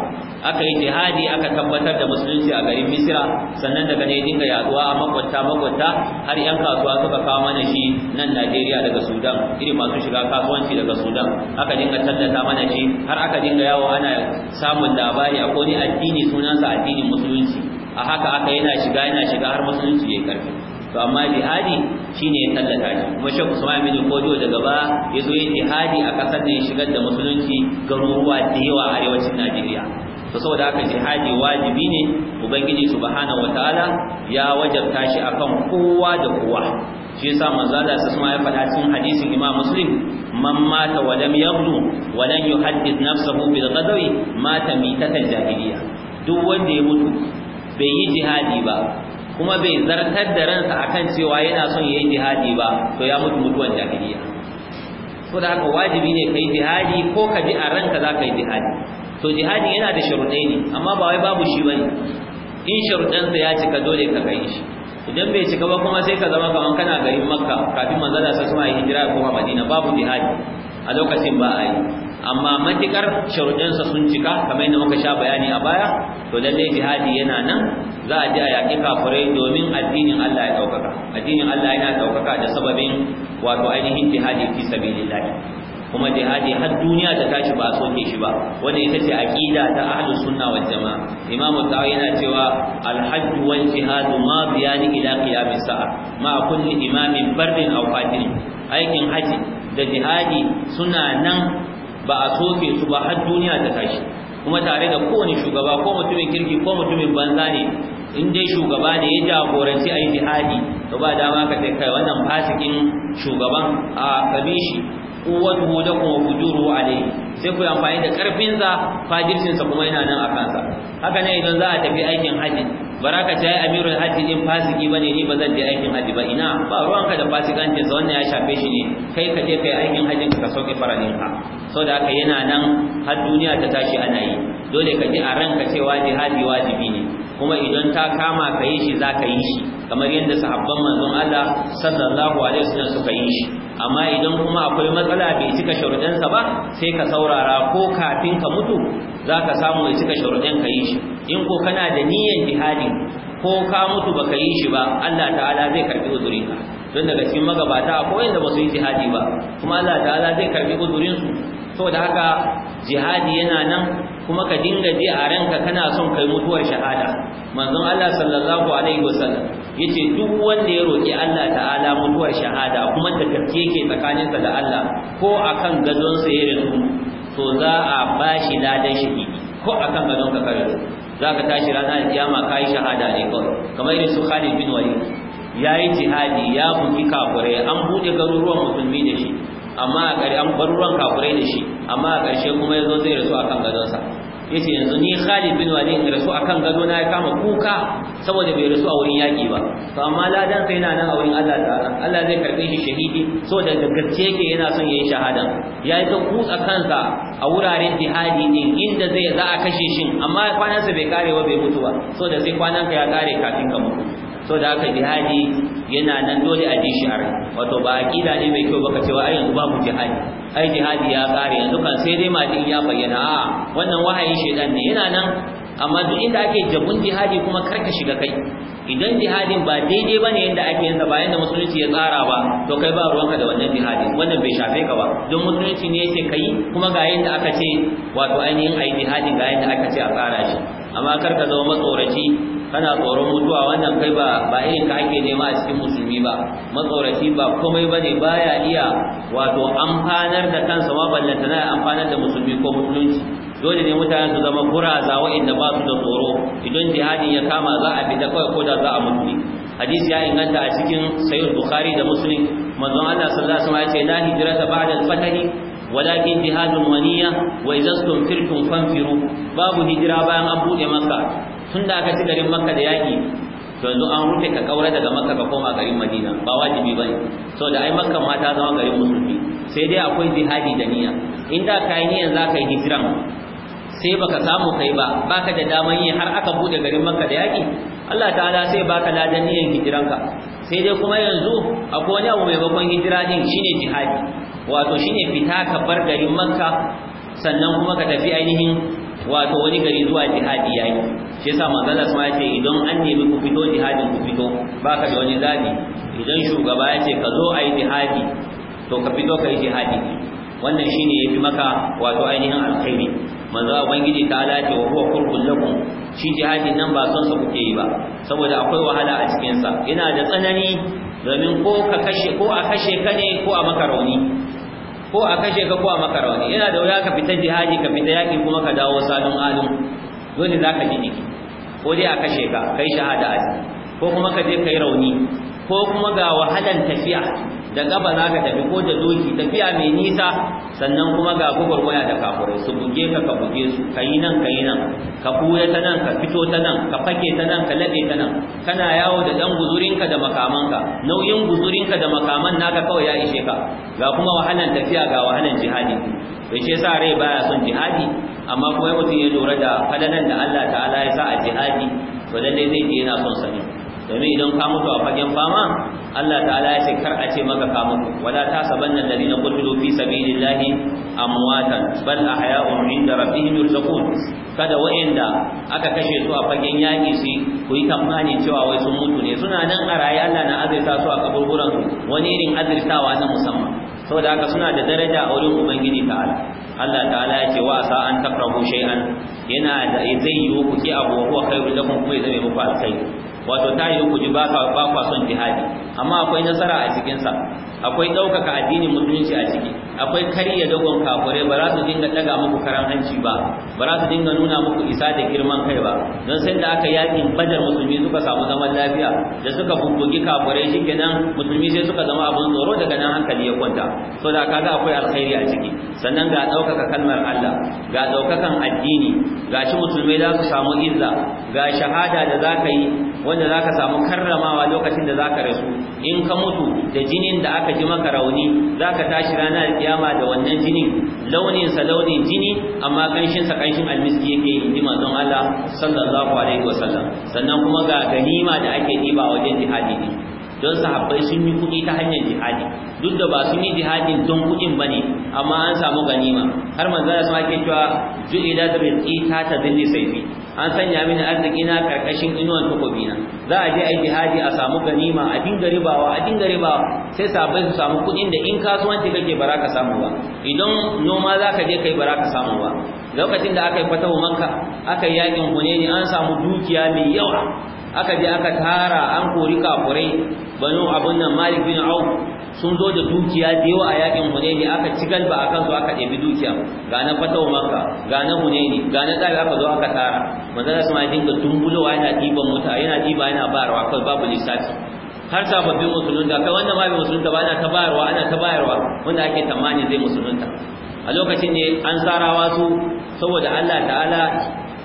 aka yi jihadi aka tabbatar da musulunci a garin misira sannan daga ne dinga yaduwa a makwabta makwabta har yan kasuwa suka kawo mana shi nan najeriya daga sudan irin masu shiga kasuwanci daga sudan aka dinga tallata mana shi har aka dinga yawo ana samun labari a koni addini sunansa addinin musulunci a haka aka yana shiga yana shiga har musulunci ya karfi to amma jihadi shine ya tallata shi kuma Sheikh Usman bin Kojo daga ba ya zo yin jihadi a kasar da ya shigar da musulunci garuruwa da yawa a arewacin Najeriya to saboda haka jihadi wajibi ne ubangiji subhanahu wataala ya wajabta shi akan kowa da kowa shi yasa manzo Allah sai ya faɗa cikin hadisin Imam Muslim man mata wa lam yaghlu wa lam yuhaddith nafsahu bil ghadawi mata mitatan jahiliya duk wanda ya mutu bai yi jihadi ba kuma bai zartar da ransa akan cewa yana son yi jihadi ba to ya mutu mutuwan jahiliya ko da haka wajibi ne kai jihadi ko ka ji a ranka za ka yi jihadi to jihadi yana da sharuɗai ne amma ba wai babu shi bane in sharuɗansa ya cika dole ka kai shi idan bai cika ba kuma sai ka zama kamar kana garin makka kafin manzala sa suna hijira ko madina babu jihadi a lokacin ba a yi amma matikar sharuɗinsa sun cika kamar yadda muka sha bayani a baya to lallai jihadi yana nan za a ji a yaƙi kafirai domin addinin Allah ya ɗaukaka addinin Allah yana daukaka da sababin wato ainihin jihadi fi sabilillahi kuma jihadi har duniya ta tashi ba ke shi ba wanda ita ce aqida ta ahlus sunna wal jamaa imamu ta'ala yana cewa al hajj wal jihad ma biyani ila qiyamis sa'a ma kulli imamin fardin aw fatin aikin haji da jihadi suna nan ba a soke su ba har duniya ta tashi kuma tare da kowane shugaba ko mutumin kirki ko mutumin banza ne in dai shugaba ne ya jagoranci a yi jihadi to ba dama ka kai kai wannan fasikin shugaban a shi uwatu da kuma a alaihi sai ku amfani da karfinsa fajircinsa kuma yana nan a kansa haka ne idan za a tafi aikin haji baraka ta yi amirul haji din fasiki bane ni ba zan je aikin haji ba ina ba ruwanka da fasikancinsa wannan ya shafe shi ne kai ka je kai aikin hajin ka sauke faranin ka saboda haka yana nan har duniya ta tashi ana yi dole ka ji a ranka cewa jihadi wajibi ne kuma idan ta kama ka yi shi za ka yi shi kamar yadda sahabban manzon Allah sallallahu alaihi wasallam suka yi shi amma idan kuma akwai matsala bai cika sharuɗansa ba sai ka saurara ko kafin ka mutu zaka samu ya cika sharuɗan ka yi shi in ko kana da niyyar jihadin ko ka mutu baka yi shi ba Allah ta'ala zai karbi uzurinka don daga cikin magabata akwai wanda ba su yi jihadi ba kuma Allah ta'ala zai karbi uzurinsu saboda haka jihadi yana nan kuma ka dinga ji a ranka kana son kai mutuwar shahada manzon Allah sallallahu alaihi wasallam yace duk wanda ya roki Allah ta'ala mutuwar shahada kuma takarce yake tsakaninsa da Allah ko akan gadon sa irin to za a bashi ladan shahidi ko akan gadon ka kare za ka tashi ranar kiyama kai shahada ne kawai kamar irin su Khalid bin Walid yayi jihadi ya buki kafure an bude garuruwan musulmi da shi amma a ƙarshe an bar ruwan da shi amma a ƙarshe kuma yazo zai rasu akan gadon sa yace yanzu ni Khalid bin Walid in rasu akan gado na ya kama kuka saboda bai rasu a wurin yaki ba to amma ladan sai yana nan a wurin Allah ta'ala Allah zai karbe shi shahidi saboda da gaske yake yana son yayin shahada Ya yayi ta kutsa kansa a wuraren jihadi ne inda zai za a kashe shi amma kwanansa bai kare ba bai mutu ba saboda sai kwananka ya kare kafin ka mutu so da aka jihadi yana nan dole a ji shi wato ba aqida ne mai kyau baka cewa ai yanzu babu jihadi ai jihadi ya kare yanzu kan sai dai din ya bayyana a wannan wahayin shedan ne yana nan amma duk inda ake jabun jihadi kuma karka shiga kai idan jihadin ba daidai bane yanda ake yin sa ba yanda musulunci ya tsara ba to kai ba ruwanka da wannan jihadin wannan bai shafe ka ba don musulunci ne yake kai kuma ga yanda aka ce wato ainihin ai jihadin ga yanda aka ce a tsara shi amma kar ka zama matsoraci kana tsoron mutuwa wannan kai ba ba irin ka ake nema a cikin musulmi ba matsoraci ba komai bane baya iya wato amfanar da kansa ma ballanta na amfanar da musulmi ko musulunci dole ne mutane su zama buraza wa'inda ba su da tsoro idan jihadin ya kama za a bi da kawai ko da za a mutu hadisi ya inganta a cikin sayyid bukhari da muslim manzon Allah sallallahu alaihi wasallam ya ce la hijrata ba'da al jihadun maniyya wa ونية وإذا fanfiru Babu hijira bayan an buɗe maka. tun da aka ci garin makka da yaƙi to yanzu an rufe ka kaura daga makka ka koma garin madina ba wajibi ba ne saboda ai makka ma ta zama garin musulmi sai dai akwai jihadi da niyya in da ka yi za ka yi hijiran sai baka samu kai ba baka da daman yi har aka bude garin makka da yaƙi Allah ta'ala sai baka ladan niyyan hijiranka sai dai kuma yanzu akwai wani abu maimakon hijira din shine jihadi wato shine fita ka bar garin makka sannan kuma ka tafi ainihin wato wani gari zuwa jihadi yayi shi yasa manzala sama ya ce idan an nemi ku fito jihadin ku fito baka da wani zabi idan shugaba ya ce ka zo a yi jihadi to ka fito ka yi jihadi wannan shine yafi maka wato ainihin alkhairi manzo ubangiji ta ala ce wa huwa lakum shi jihadi nan ba son sa kuke yi ba saboda akwai wahala a cikin sa yana da tsanani domin ko ka kashe ko a kashe ka ne ko a maka rauni ko a kashe ka ko a maka rauni yana da wuya ka fita jihadi ka fita yaki kuma ka dawo salon alim dole zaka ji jiki ko dai a kashe ka kai shahada a ko kuma ka je kai rauni ko kuma ga wahalan tafiya da gaba za ka tafi ko da doki tafiya mai nisa sannan kuma ga gwagwarmaya da kafurai su buge ka ka buge su ka yi nan ka yi nan ka buya ta nan ka fito ta nan ka fake ta nan ka laɓe ta nan kana yawo da ɗan guzurinka da makamanka nauyin guzurinka da makaman naka kawai ya ishe ka ga kuma wahalan tafiya ga wahalan jihadi to shi yasa rai baya son jihadi amma kuma mutum ya lura da fadanan da Allah ta'ala ya sa a jihadi to dai zai ji yana son sani domin idan ka mutu a fagen fama Allah ta'ala ya ce kar a ce maka ka mutu wala sabanna dalilan qutilu fi sabilillahi amwatan bal ahya'un 'inda rabbihim yurzaqun kada wa'inda aka kashe su a fagen yaki su ku yi kamfani cewa wai sun mutu ne suna nan a raye Allah na azirta su a kaburburan wani irin azirtawa na musamman saboda haka suna da daraja a wurin ubangiji ta Allah ta'ala ya ce wa sa an takrahu shay'an yana da zai yi ku ki abu huwa khairu lakum kuma zai muku alkhairi wato ta yi ku ji ka ba son jihadi amma akwai nasara a cikin sa akwai daukaka addinin musulunci a ciki akwai karya dogon kafure ba za su dinga daga muku karan hanci ba ba za su dinga nuna muku isa da girman kai ba don sai da aka yakin badar musulmi suka samu zaman lafiya da suka bubbugi kafure nan musulmi sai suka zama abun tsoro daga nan hankali ya kwanta so da kaga akwai alkhairi a ciki sannan ga daukaka kalmar Allah ga daukakan addini ga shi musulmai za su samu izza ga shahada da zaka yi wanda zaka samu karramawa lokacin da zaka rasu in ka mutu da jinin da aka ji maka rauni zaka tashi ranar kiyama da wannan jinin launinsa launin jini amma kanshin sa kanshin almiski yake yi inji Allah sallallahu alaihi wasallam sannan kuma ga ganima da ake diba wajen jihadi ne don sahabbai sun yi kuɗi ta hanyar jihadi duk da ba sun yi jihadin don kuɗin ba ne amma an samu ganima har manzon Allah sun ake cewa ju'ila da rizqi ta sai bi. an sanya mini arziki na karkashin inuwan na. za a je a yi jihadi a samu ganima a dinga ribawa a dinga ribawa sai sabai su samu kuɗin da in kasuwanci kake baraka ka samu ba idan noma za ka je kai baraka ka samu ba lokacin da aka yi fatahu manka aka yi yakin hunaini an samu dukiya mai yawa aka je aka tara an kori kafurai banu abun nan malik bin au sun zo da dukiya da yawa a yakin hunaini aka ci galba akan su aka ɗebi dukiya ga na fatawa makka ga na hunaini ga na tsari aka zo aka tara manzon sama ya dinga dumbulowa yana ɗiban mota yana ɗiba yana bayarwa kawai babu lissafi har sababbin musulunta kai wannan ma musulun musulunta ba ana ta bayarwa ana ta bayarwa wanda ake tamani zai musulunta a lokacin ne an tsarawa su saboda Allah ta'ala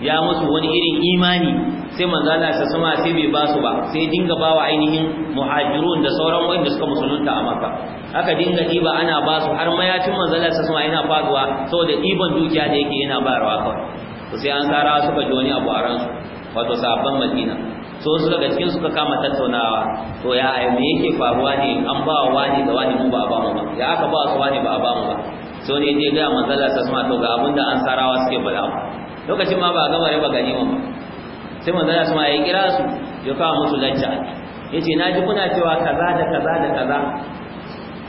ya musu wani irin imani sai manzo Allah suma sama sai bai ba su ba sai dinga ba wa ainihin muhajirun da sauran wanda suka musulunta a Makka aka dinga diba ana ba su har mayacin manzo Allah suma sama yana faduwa saboda ɗiban dukiya da yake yana bayarwa kawai to sai an tsara suka ji wani abu a ransu wato sahabban Madina so su daga cikin suka kama tattaunawa to ya ai me yake faruwa ne an ba wa wani da wani mu ba ba mu ba ya aka ba su wani ba ba mu ba so ne je ga manzala sa sama to ga abinda an sarawa suke bada lokacin ma ba gaba ba ganima ba sai manzon Allah sama ya kira su ya kawo musu lacca yace naji kuna cewa kaza da kaza da kaza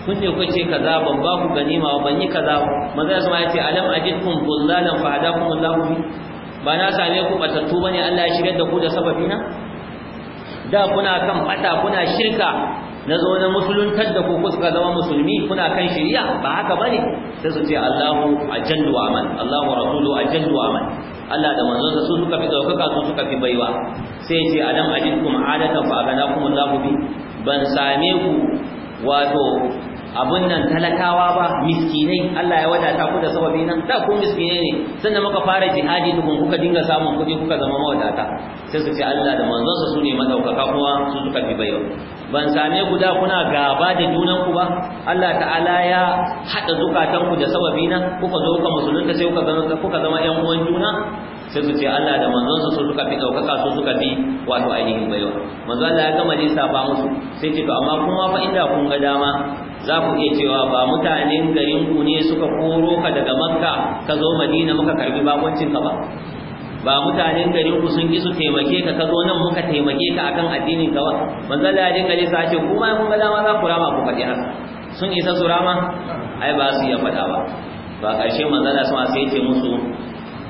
kun ne ku ce kaza ban ba ku ganima ban yi kaza manzon Allah sama yace alam ajidkum bullalan fa adakum Allah bi ba na same ku batattu bane Allah ya shigar da ku da sababina da kuna kan bata kuna shirka na zo na musuluntar da ku kuka zama musulmi kuna kan shari'a ba haka bane sai su ce Allahu ajallu aman Allahu rasulu ajallu aman Allah da manzonsa su suka fi daukaka su suka fi baiwa sai ce adam ajidkum adatan fa aganakum Allahu bi ban same ku wato abun nan talakawa ba miskinai Allah ya wadata ku da sababi nan da ku miskinai ne sannan muka fara jihadi dukun kuka dinga samun kuɗi kuka zama mawadata sai su ce Allah da manzonsa su ne madaukaka kuma su suka fi baiwa ban same ku da kuna gaba da junan ku ba Allah ta'ala ya hada zukatanku ku da sababi na kuka zo ka musulunta sai kuka zama kuka zama ƴan uwan juna sai su ce Allah da manzon su su suka fi daukaka su suka fi wato ainihin bayo manzo Allah ya gama lissa ba musu sai ce to amma kuma fa inda kun ga dama za ku iya cewa ba mutanen garin ku ne suka koro ka daga makka ka zo madina muka karbi bakoncin ka ba ba mutanen garin ku sun ki su taimake ka ka zo nan muka taimake ka akan addinin ka ba manzala Allah ya sa ce kuma mun ga dama za ku rama ku fadi haka sun isa su rama ai ba su iya faɗa ba ba ƙarshe manzala sun sai ce musu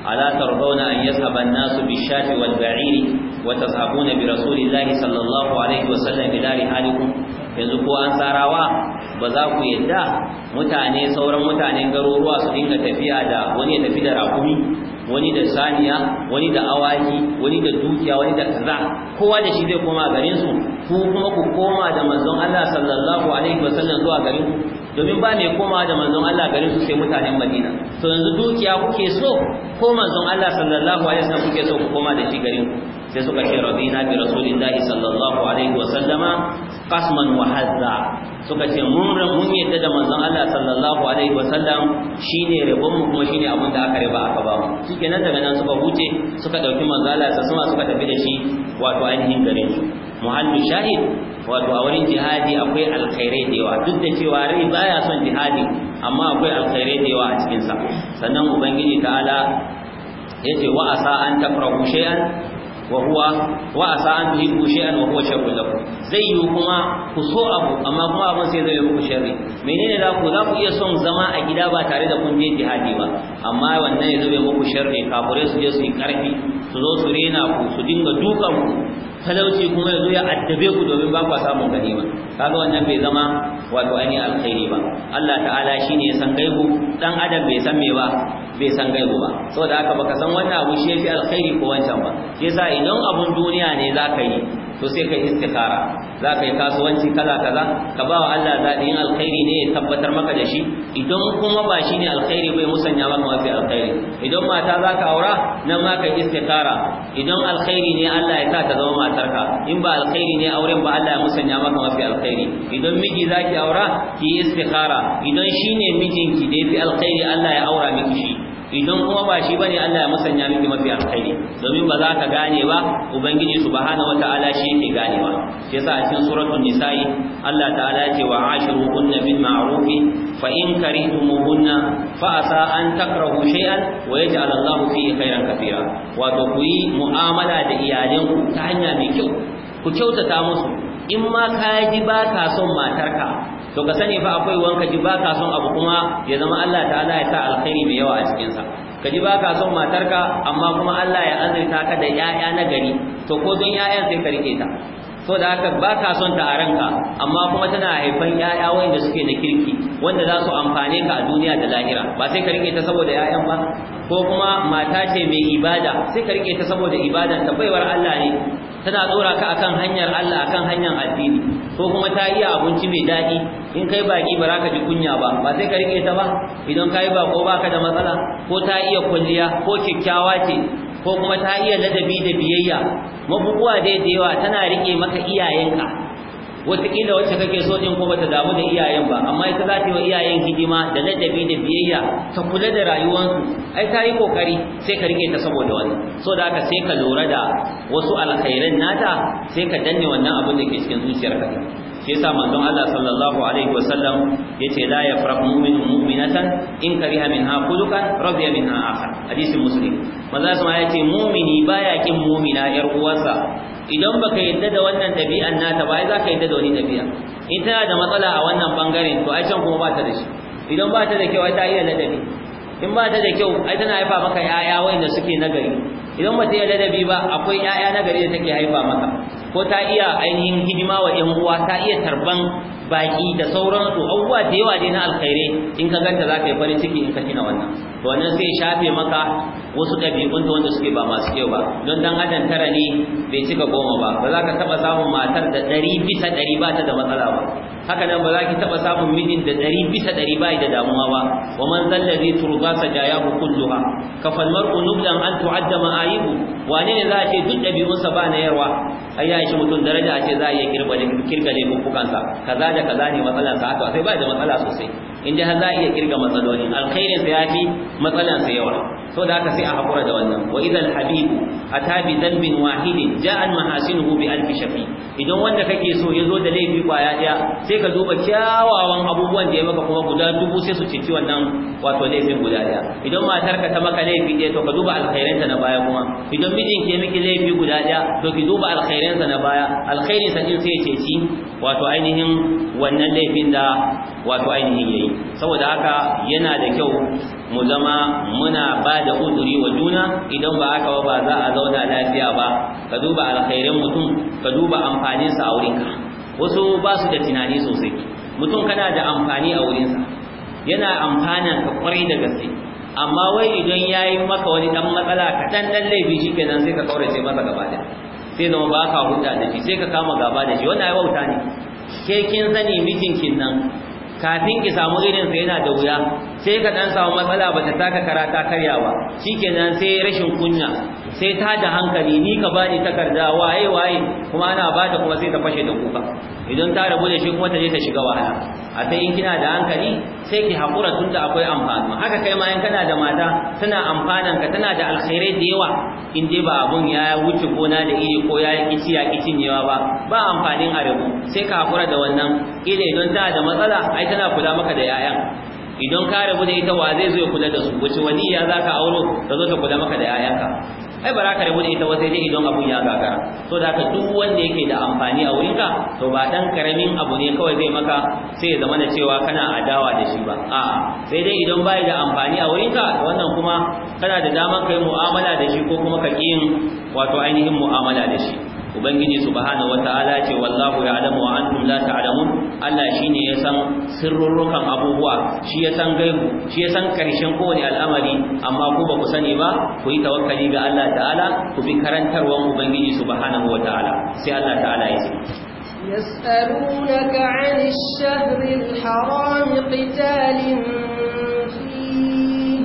ala tardawna an yashaba an nas bish-shati wal-ba'iri wa tazhabuna bi rasulillahi sallallahu alaihi wa sallam bi dari halikum yanzu ko an tsarawa ba za ku yadda mutane sauran mutanen garuruwa su dinga tafiya da wani ya tafi da rakumi wani da saniya wani da awaki wani da dukiya wani da kaza kowa da shi zai koma garin su ku kuma ku koma da manzon Allah sallallahu alaihi wasallam zuwa garin ku domin ba mai koma da manzon Allah garin su sai mutanen Madina to yanzu dukiya kuke so ko manzon Allah sallallahu alaihi wasallam kuke so ku koma da shi garin ku sai suka ce radina bi rasulillahi sallallahu alaihi wasallama qasman wa hazza suka ce mun mun yadda da manzon Allah sallallahu alaihi wasallam shine rabon mu kuma shine abin da aka riba aka ba mu nan daga nan suka huce suka dauki manzon Allah sallallahu suka tafi da shi wato ainihin garin su muhallu shahid wato a wurin jihadi akwai alkhairai da yawa duk da cewa rai baya son jihadi amma akwai alkhairai da yawa a cikin sa sannan ubangiji ta'ala yace wa asa an tafrahu shay'an Wahuwa huwa wa asa an tuhibu shay'an wa huwa zai yi kuma ku so abu amma kuma abun sai zai muku sharri menene za ku za ku iya son zama a gida ba tare da kun je jihadi ba amma wannan ya zube muku sharri kafirai su je su yi karfi su zo su rena ku su dinga dukan mu, talauci kuma ya zo ya addabe ku domin ba ku samun ba, kaga wannan bai zama wato ainihin alkhairi ba Allah ta'ala shine ya san gaibu dan adam bai san me ba bai san gaibu ba saboda haka baka san wannan abu shi yafi alkhairi ko wancan ba shi yasa idan abun duniya ne za ka yi to sai ka istikara za ka yi kasuwanci kaza kaza ka ba wa Allah zaɓi yin alkhairi ne ya tabbatar maka da shi idan kuma ba shi ne alkhairi bai musanya maka mafi alkhairi idan mata za ka aura nan ma ka istikara idan alkhairi ne Allah ya sa ta zama matarka in ba alkhairi ne auren ba Allah ya musanya maka mafi alkhairi idan miji za ki aura ki yi istikara idan shi ne mijinki da ya fi alkhairi Allah ya aura miki shi idan kuma ba shi bane Allah ya musanya miki mafi alkhairi domin ba za ka gane ba ubangiji subhanahu wataala shi yake ganewa shi yasa a cikin suratul nisa'i Allah ta'ala ce wa ashiruhunna bil ma'ruf fa in karihtumuhunna fa asa an takrahu shay'an wa yaj'al Allah fihi khairan katira wato ku yi mu'amala da iyalanku ta hanya mai kyau ku kyautata musu in ma ka ji ba ka son matarka to ka sani fa akwai wanka ji baka son abu kuma ya zama Allah ta'ala ya sa alkhairi mai yawa a cikin sa ka ji baka son matarka amma kuma Allah ya azurta ka da 'ya'ya na gari to ko don yaya sai ka rike ta so da haka baka son ta a ranka amma kuma tana haifan 'ya'ya wanda suke na kirki wanda za su amfane ka a duniya da lahira ba sai ka rike ta saboda 'ya'yan ba ko kuma mata ce mai ibada sai ka rike ta saboda ibadan ta baiwar Allah ne tana dora ka akan hanyar Allah akan hanyar addini ko kuma ta iya abinci mai daɗi in kai baki ba za ka ji kunya ba ba sai ka rike ta ba idan ka yi ko ba ka da matsala ko ta iya kulliya ko kyakkyawa ce ko kuma ta iya ladabi da biyayya mabubuwa dai da yawa tana rike maka iyayenka wataƙila wacce kake so din ko bata damu da iyayen ba amma ita za ta yi wa iyayen hidima da ladabi da biyayya ta kula da rayuwarsu ai ta yi kokari sai ka rike ta saboda wani so da haka sai ka lura da wasu alkhairan nata sai ka danne wannan abin da ke cikin zuciyarka shi yasa manzon Allah sallallahu alaihi wasallam yace la yafrah mu'minu mu'minatan in kariha minha khuluqan radiya minha akhar hadisi muslim manzon Allah yace mu'mini baya kin mu'mina yar uwarsa idan baka yadda da wannan dabi'an nata ba ai zaka yadda da wani dabi'a in tana da matsala a wannan bangaren to ai can kuma ba ta da shi idan ba ta da kyau ai ta iya ladabi in ba ta da kyau ai tana haifa maka ƴaƴa wanda suke nagari idan ba ta iya ladabi ba akwai ƴaƴa nagari da take haifa maka ko ta iya ainihin hidima wa ƴan uwa ta iya tarban baki da sauransu abubuwa da yawa dai na alkhairai in ka ganta za ka yi farin ciki in ka tuna wannan to wannan sai shafe maka wasu ɗabi'un da wanda suke ba masu kyau ba don dan adam tara ne bai cika goma ba ba za ka taɓa samun matar da ɗari bisa ɗari ba ta da matsala ba haka nan ba za ki taɓa samun mijin da ɗari bisa ɗari ba da damuwa ba wa man zallazi jaya sajayahu kulluha kafal mar'u nubdan an tu'adda ma'ayibu wane ne za a ce duk ɗabi'unsa ba na yarwa ai ya shi mutum daraja a ce za a iya kirga kirga ne kaza da kaza ne matsalan sa haka sai ba da matsala sosai in dai har za a iya kirga matsaloli alkhairin sa yafi matsalan sa yawa so da haka sai a hakura da wannan wa idan habibu ata bi dhanbin wahidin ja'an mahasinuhu bi alf shafi idan wanda kake so yazo da laifi kwaya daya sai ka duba kyawawan abubuwan da ya maka kuma guda dubu sai su cici wannan wato laifin guda daya idan matarka ta maka laifi daya to ka duba alkhairanta na baya kuma idan mijin ke miki laifi guda daya to ki duba alkhairansa na baya alkhairinsa din sai ya ceci wato ainihin wannan laifin da wato ainihin yayi saboda haka yana da kyau mu zama muna ba da uzuri wa juna idan ba haka ba za a zauna lafiya ba ka duba alkhairin mutum ka duba amfaninsa a wurinka wasu ba su da tunani sosai mutum kana da amfani a wurinsa yana amfana ka kwarai da gaske amma wai idan ya yi maka wani dan matsala ka dan dan laifi shi kenan sai ka kaurace masa gaba da sai zama ba ka hulɗa da shi sai ka kama gaba da shi wannan ai wauta ne ke kin sani mijinkin nan kafin ki samu irin sa yana da wuya sai ka dan samu matsala ba ta taka karata karyawa shikenan sai rashin kunya sai ta da hankali ni ka bani takarda waye waye kuma ana bata kuma sai ta fashe da kuka idan ta rabu da shi kuma ta je ta shiga wahala a sai in kina da hankali sai ki hakura tunda akwai amfani haka kai ma in kana da mata tana amfanan ka tana da alkhairai da yawa in dai ba abun ya wuce gona da iri ko ya yi kici ya kicin yawa ba ba amfanin a sai ka hakura da wannan ila idan ta da matsala ai tana kula maka da 'ya'yan idan ka rabu da ita wa zai zo ya kula da su wani ya za ka auro ta zo ta kula maka da 'ya'yanka ai ba za ka rabu da ita ba idan abun ya gagara to da haka duk wanda yake da amfani a wurinka to ba dan karamin abu ne kawai zai maka sai ya zama na cewa kana adawa da shi ba a sai dai idan bai da amfani a wurinka wannan kuma kana da damar kai mu'amala da shi ko kuma ka ƙi yin wato ainihin mu'amala da shi ubangiji subhanahu wa wallahu ya'lamu wa antum la ta'lamun Allah shine ya san sirrurrukan abubuwa shi ya san gaibu shi ya san karshen kowane al'amari amma ku ba ku sani ba ku yi tawakkali ga Allah ta'ala ku bi karantarwan ubangiji subhanahu wa ta'ala sai Allah ta'ala ya ce يسألونك عن الشهر الحرام قتال فيه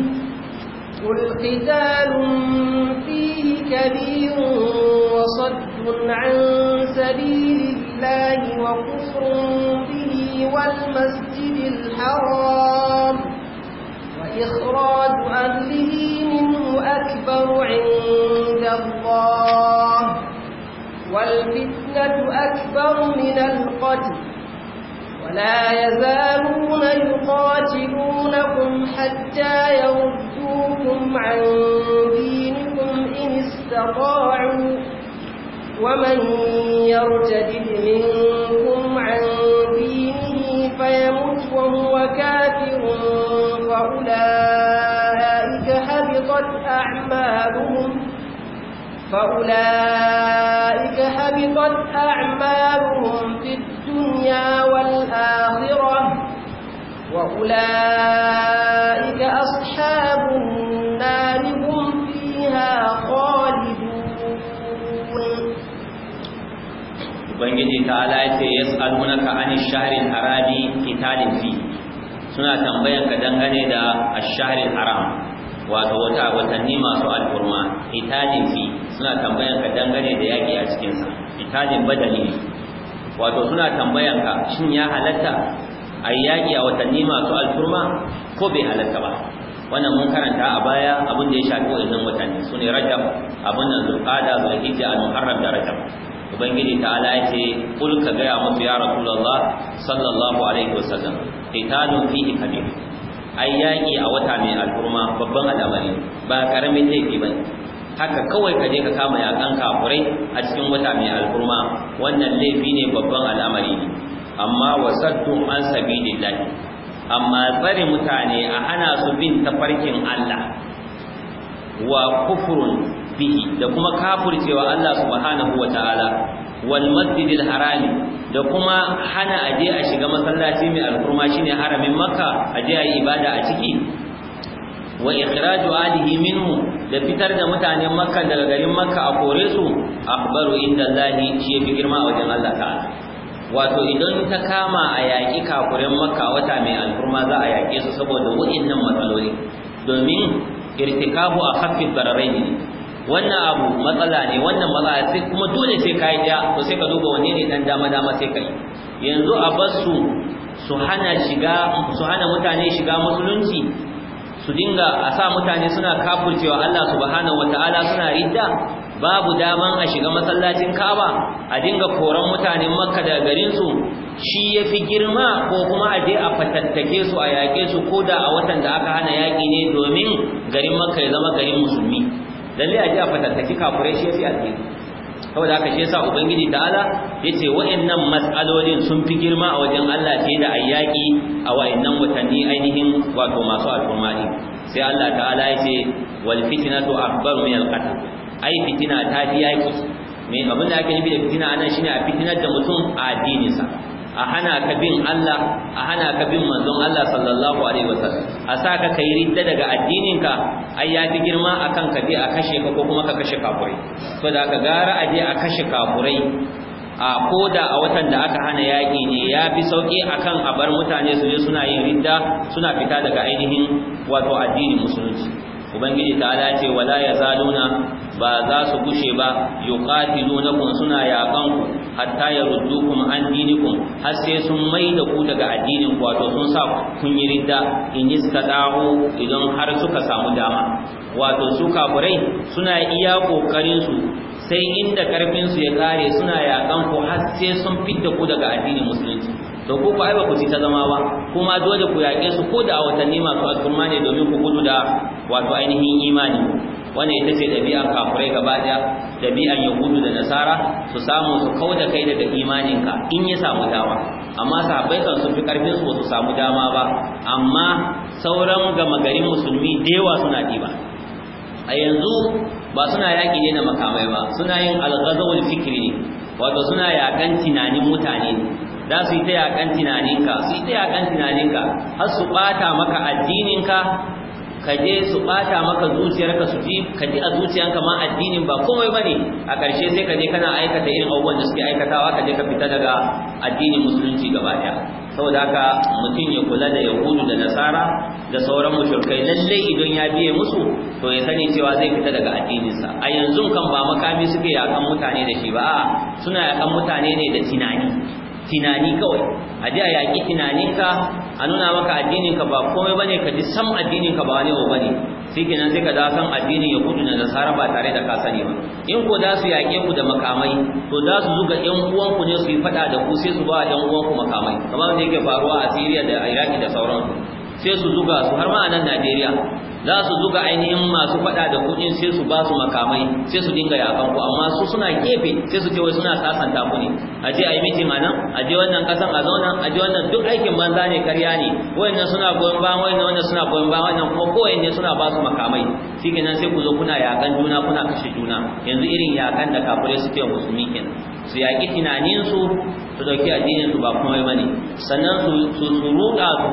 قل قتال فيه كبير وصد عن سبيل بالله وكفر به والمسجد الحرام وإخراج أهله منه أكبر عند الله والفتنة أكبر من القتل ولا يزالون يقاتلونكم حتى يردوكم عن دينكم إن استطاعوا ومن يرتد منكم عن دينه فيمت وهو كافر فأولئك حبطت أعمالهم فأولئك حبطت أعمالهم في الدنيا والآخرة وأولئك أصحابهم ubangiji ta ala ya ce alunaka an shahril harami qitalin fi suna tambayan ka dangane da ash-shahril haram wato wata watanni masu alfurma qitalin fi suna tambayan ka dangane da yaki a cikin sa qitalin badali wato suna tambayan ka shin ya halatta a yaki a watanni masu alfurma ko bai halatta ba wannan mun karanta a baya abin da ya shafi wa'annan watanni ne rajab abin nan zulqa'da zulhijja al-muharram da rajab ubangiji ala ya ce kul ka gaya mutu ya rasulullah sallallahu alaihi wasallam qitalun fihi kabir ai yaki a wata mai al'umma babban al'amari ba karamin laifi ba haka kawai ka je ka kama yakan kafurai a cikin wata mai al'umma wannan laifi ne babban al'amari ne amma wasaddun an amma tsare mutane a hana su bin tafarkin Allah wa kufrun bihi da kuma kafircewa Allah subhanahu wataala wal masjidil harami da kuma hana aje a shiga masallaci mai alfurma shine haramin makka aje a ibada a ciki wa ikhraju alihi minhu da fitar da mutanen makka daga garin makka a kore su akbaru inda zahi shi yafi girma a wajen Allah ta'ala wato idan ta kama a yaƙi kafuren makka wata mai alfurma za a yaƙe su saboda wa'innan matsaloli domin irtikabu a haffin bararai wannan abu matsala ne wannan matsala sai kuma dole sai ka yi ɗaya to sai ka duba wanne ne dan dama dama sai ka yanzu a basu su hana shiga su hana mutane shiga musulunci su dinga a sa mutane suna kafurcewa Allah subhanahu wataala suna ridda babu daman a shiga masallacin Kaaba a dinga koran mutanen Makka daga garin su shi yafi girma ko kuma a je a fatattake su a yaƙe su koda a watan da aka hana yaƙi ne domin garin Makka ya zama garin musulmi lalle aje a fatattaki kafurai shi yafi alheri saboda haka shi yasa ubangiji ta'ala yace wa'annan matsalolin sun fi girma a wajen Allah ce da ayyaki a wayannan watanni ainihin wato masu alfurmani sai Allah ta'ala yace wal fitnatu akbar min al qatl ai fitina ta fi yaki me abin da ake nufi da fitina anan shine a fitinar da mutum a addininsa a hana ka bin Allah a hana ka bin manzon Allah sallallahu alaihi wasallam a sa ka kai ridda daga addininka ai ya fi girma akan ka bi a kashe ka ko kuma ka kashe kafurai To da ka gara a je a kashe kafurai a koda a watan da aka hana yaƙi ne ya fi sauƙi akan a bar mutane su je suna yin ridda suna fita daga ainihin wato addinin musulunci ubangiji ta'ala ce wala yazaluna ba za su gushe ba yuqatilunakum suna yaƙanku hatta yaruddukum an dinikum har sai sun mai da ku daga addinin ku wato sun sa kun yi ridda in istada'u idan har suka samu dama wato su kafurai suna iya kokarin su sai inda karfin su ya kare suna yakan ku har sai sun fidda ku daga addinin musulunci to ku ba ba ku ci ta zama ba kuma dole ku yaƙe su ko da a watanni masu al'umma ne domin ku gudu da wato ainihin imani wannan ita ce ɗabi'ar kafirai gaba daya dabi'an yahudu da nasara su samu su kauda kai daga imaninka in ya samu dama amma sahabbai kan sun fi ƙarfin su su samu dama ba amma sauran gama garin musulmi dewa suna ɗiba. a yanzu ba suna yaƙi ne na makamai ba suna yin alghazawul fikri ne wato suna yaƙan tunanin mutane za su yi ta yaƙan tunaninka su yi ta yaƙan tunaninka har su ɓata maka addininka Kaje su bata maka zuciyarka su ji ka ji a zuciyanka ma addinin ba komai bane a karshe sai kaje je kana aikata irin abubuwan da suke aikatawa kaje ka fita daga addinin musulunci gaba ɗaya saboda haka mutum ya kula da yahudu da nasara da sauran mushrikai lallai idan ya biye musu to ya sani cewa zai fita daga addininsa a yanzu kan ba makami suke yakan mutane da shi ba suna yakan mutane ne da tunani tunani kawai a ji a yaƙi tunaninka a nuna maka addininka ba komai ne ka ji sam addininka ba wani ba ne sai kenan sai ka da san addinin ya kudu na nasara ba tare da ka sani ba in ko za su yaƙe ku da makamai to za su zuga yan uwanku ne su yi faɗa da ku sai su ba yan uwanku makamai kamar da yake faruwa a Siriya da Iraki da sauransu sai su zuga su har ma a nan Najeriya za su zuga ainihin masu fada da kudin sai su ba su makamai sai su dinga yakan ku amma su suna gefe sai su ce wai suna sasanta ku ne a je a yi miji mana a je wannan kasan a zauna a je wannan duk aikin banza ne karya ne wayannan suna goyon bayan wayannan wannan suna goyon bayan wannan kuma kowanne suna ba su makamai shikenan sai ku zo kuna yakan juna kuna kashe juna yanzu irin yakan da kafirai suke musulmi kenan su yaƙi tunanin su su dauki addinin su ba kuma bane sannan su su ruka su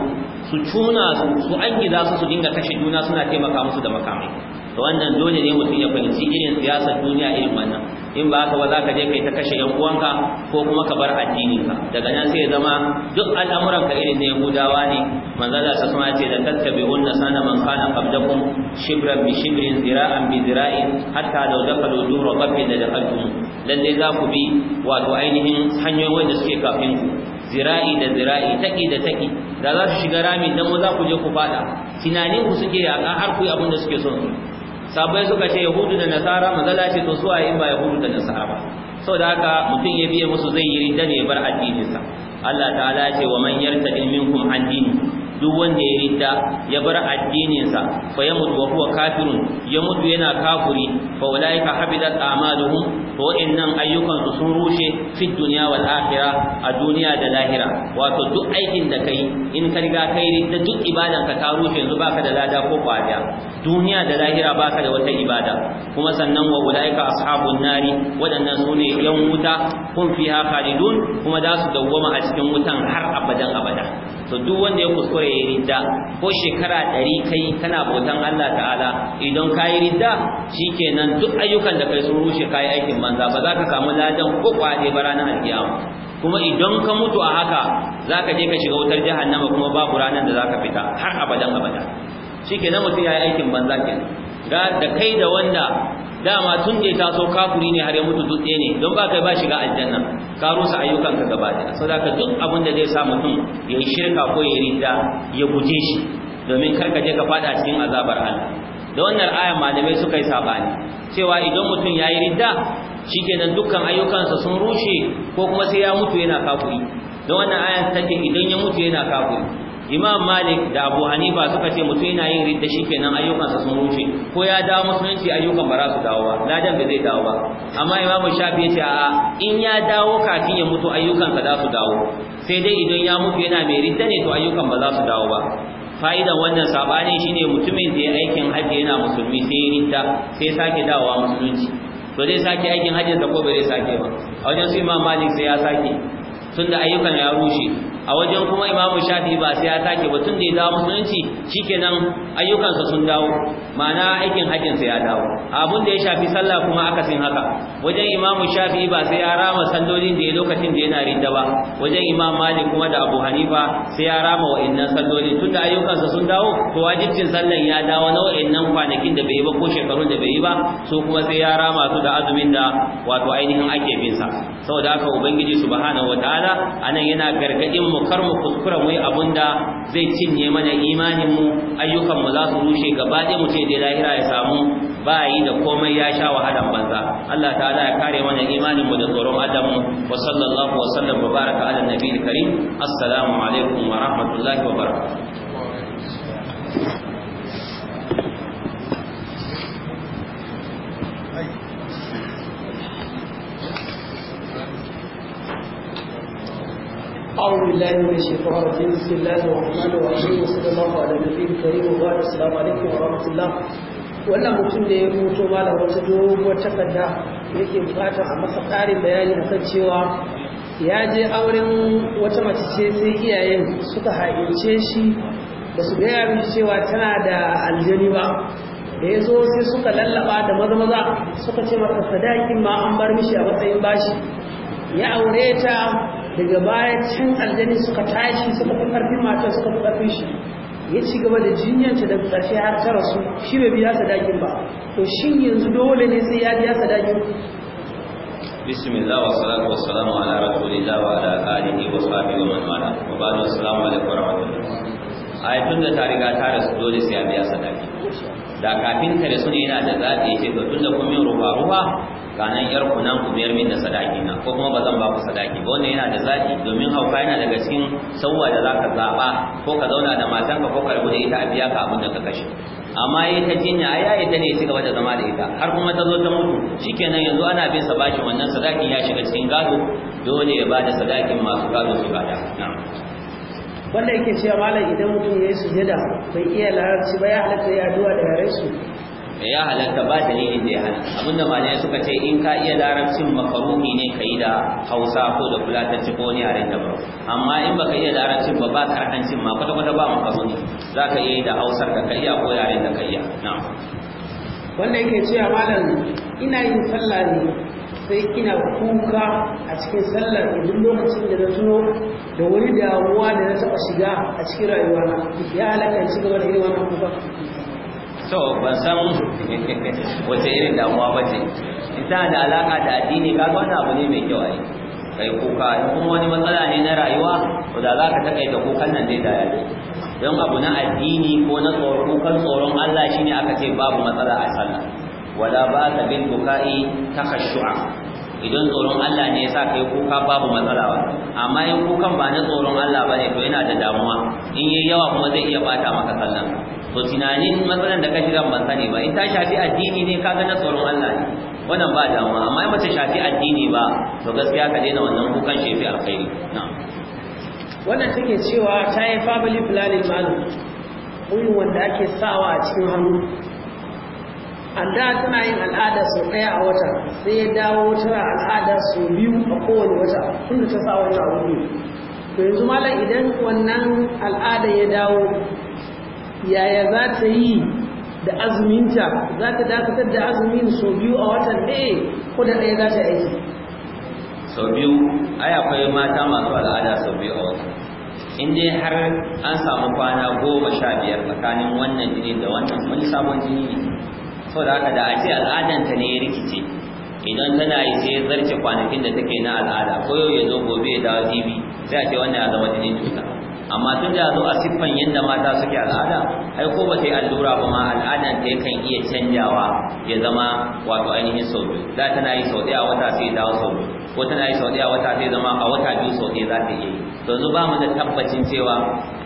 su cuna su su an gida su su dinga kashe juna suna taimaka musu da makamai to wannan dole ne mutum ya fahimci irin siyasar duniya irin wannan in ba ka ba za ka je kai ta kashe yan uwanka ko kuma ka bar addinin ka daga nan sai ya zama duk al'amuran ka irin ne yahudawa ne Allah sa kuma ce da tattabi'un sana man kana qablakum shibran bi shibrin zira'an bi zira'in hatta law dakalu dura qabbi da dakaltum lalle za ku bi wato ainihin hanyoyin da suke kafin ku zira'i da zira'i taki da taki da za su shiga rami dan za ku je ku fada tunanin ku suke yaƙa har ku yi abin da suke son sabai suka ce yahudu da nasara mazala ce to su a in ba yahudu da nasara ba saboda haka mutum ya biya musu zai yi ridda ne bar addininsa Allah ta'ala ya ce wa man yarta minkum addini duk wanda ya ridda ya bar addininsa fa yamut wa huwa kafirun ya mutu yana kafiri fa walaika habidat a'maluhum to wa'annan ayyukan su sun rushe fi duniya wal akhirah a duniya da lahira wato duk aikin da kai in ka riga kai da duk ibadan ka ta rushe yanzu baka da lada ko kwaliya duniya da lahira baka da wata ibada kuma sannan wa ulaika ashabun nari wadannan sune yan wuta kun fiha khalidun kuma za su dawwama a cikin wutan har abadan abada to duk wanda ya kuskure ya ridda ko shekara ɗari kai kana bautan Allah ta'ala idan ka yi ridda shikenan duk ayyukan da kai sun rushe ka yi aikin banza ba za ka samu ladan ko kwaɗe ba ranar alkiyama kuma idan ka mutu a haka za ka je ka shiga wutar jahannama kuma babu ranar da za ka fita har abadan abada shikenan mutum ya yi aikin banza kenan da kai da wanda dama tun da ta so kafuri ne har ya mutu dutse ne don ba kai ba shiga aljanna ka rusa ayyukan ka gaba da ka duk abin da zai sa mutum ya yi shirka ko ya rinda ya guje shi domin kar ka je ka fada cikin azabar Allah da wannan ayan malamai suka yi sabani cewa idan mutum ya yi ridda shikenan dukkan ayyukansa sun rushe ko kuma sai ya mutu yana kafuri da wannan ayar take idan ya mutu yana kafuri imam malik da abu hanifa suka ce mutum yana yin ridda shi kenan ayyukansa sun rufe ko ya dawo musulunci ayyukan ba za su dawo ba ladan ba zai dawo ba amma imam shafi ya ce a'a in ya dawo kafin ya mutu ayyukansa za su dawo sai dai idan ya mutu yana mai ridda ne to ayyukan ba za su dawo ba fa'idan wannan sabani shine mutumin da ya aikin haji yana musulmi sai ridda sai sake dawowa musulunci to zai sake aikin hajjinsa ko ba zai sake ba a wajen su imam malik sai ya sake tunda ayyukan ya rushe a wajen kuma imamu shafi ba sai ya take ba tun da ya dawo musulunci shikenan ayyukansa sun dawo ma'ana aikin sa ya dawo abun da ya shafi sallah kuma aka akasin haka wajen imamu shafi ba sai ya rama sallolin da ya lokacin da yana rinda ba wajen imam malik kuma da abu hanifa sai ya rama wa'annan sallolin tun da ayyukansa sun dawo to wajibcin sallan ya dawo na wa'annan kwanakin da bai yi ba ko shekarun da bai yi ba so kuma sai ya rama su da azumin da wato ainihin ake bin sa saboda haka ubangiji subhanahu wataala anan yana gargadin mu kar mu kuskura mu yi abun da zai cinye mana imanin mu ayyukan mu za su rushe gaba ɗaya mu ce dai lahira ya samu ba yi da komai ya sha wahalan banza Allah ta'ala ya kare mana imanin mu da tsoron adam wa sallallahu wa sallam wa baraka ala nabiyil karim assalamu alaikum wa rahmatullahi wa barakatuh أعوذ بالله من الشيطان الرجيم بسم الله الرحمن الرحيم وصلى الله على النبي الكريم وبعد السلام عليكم ورحمة الله wannan mutum da ya rubuto malam wata doguwar takarda yake bukata a masa ƙarin bayani akan cewa ya je auren wata mace ce sai iyayen suka haƙince shi ba su gaya min cewa tana da aljani ba da ya zo sai suka lallaba da maza maza suka ce maka sadakin ma an bar mishi a matsayin bashi ya aure ta daga baya can aljani suka tashi suka fi ƙarfi mata suka fi ƙarfi shi ya ci gaba da jinyanta da ƙarshe har ta rasu shi bai biya sadakin ba to shi yanzu dole ne sai ya biya sadakin بسم الله والصلاة والسلام على رسول الله وعلى آله وصحبه ومن والاه وبعد السلام عليكم ورحمة الله ai tun da ta riga ta rasu dole sai ya biya sadaki da kafin ka rasu ne yana da zaɓi ce to tun kun min rufa rufa kanan yar ku nan ku biyar min da sadaki na ko kuma ba zan ba ku sadaki ba wannan yana da zaki domin hauka yana daga cikin sauwa da zaka zaɓa ko ka zauna da matanka ko ka rabu da ita a biya ka abin da ka kashe amma yi ta jinya ai yayi ta ne ci gaba da zama da ita har kuma ta zo ta mutu shikenan yanzu ana bin sa bashin wannan sadakin ya shiga cikin gado dole ya bada sadakin masu gado su bada wanda yake cewa malam idan mutum ya yi sujada bai iya larabci ba ya halatta ya addu'a da yaren su ya halatta ba dalilin da ya hana abinda malamai suka ce in ka iya larabcin makaruhi ne ka yi da hausa ko da fulatanci ko wani yaren da baro amma in baka iya larabcin ba ba karhancin ma kwata-kwata ba makaruhi za ka iya yi da hausar da ka iya ko yaren da ka iya na'am wanda yake a malam ina yin sallah ne sai ina kuka a cikin sallar idan lokacin da na tuno da wani damuwa da na taɓa shiga a cikin rayuwa ya halatta ci gaba da irin wannan kuka so ban san wace irin damuwa ba ce ita da alaka da addini kaga wani abu ne mai kyau ai kai kuka kuma wani matsala ne na rayuwa ko da za ka takaita kukan nan dai da yayi don abu na addini ko na kukan tsoron Allah shine aka ce babu matsala a sallah wala ba ta bin bukai takhashu'a idan tsoron Allah ne ya sa kai kuka babu matsala ba amma in kukan ba na tsoron Allah ba ne to yana da damuwa in yayi yawa kuma zai iya bata maka sallan to tunanin matsalan da ka shiga ban sani ba in ta shafi addini ne ga na tsoron Allah ne wannan ba damuwa amma in ta shafi addini ba to gaskiya ka daina wannan kukan shefi alkhairi wannan take cewa ta yi family planning malam wani wanda ake sawa a cikin hannu da tana yin al'ada sau ɗaya a wata sai ya dawo tana al'ada sau biyu a kowane wata tunda ta sa wata hudu to yanzu malam idan wannan al'ada ya dawo yaya za ta yi da azuminta za ta dakatar da azumin sau biyu a watan ɗaya ko da ɗaya za ta aiki sau biyu ai akwai mata masu al'ada sau biyu a wata in dai har an samu kwana goma sha biyar tsakanin wannan jini da wannan wani sabon jini ne saboda haka da a ce al'adanta ne ya rikice idan tana yi sai zarce kwanakin da take na al'ada ko yau ya zo gobe ya dawo tv sai a ce wannan ya zama jinin cuta amma tun da zo a siffan yadda mata suke al'ada ai ko ba ta yi allura ba ma al'adan ta yakan iya canjawa ya zama wato ainihin sau biyu za tana yi sau ɗaya wata sai dawo sau biyu ko tana yi sau ɗaya wata sai zama a wata biyu sau ɗaya za ta iya yi yanzu ba mu da tabbacin cewa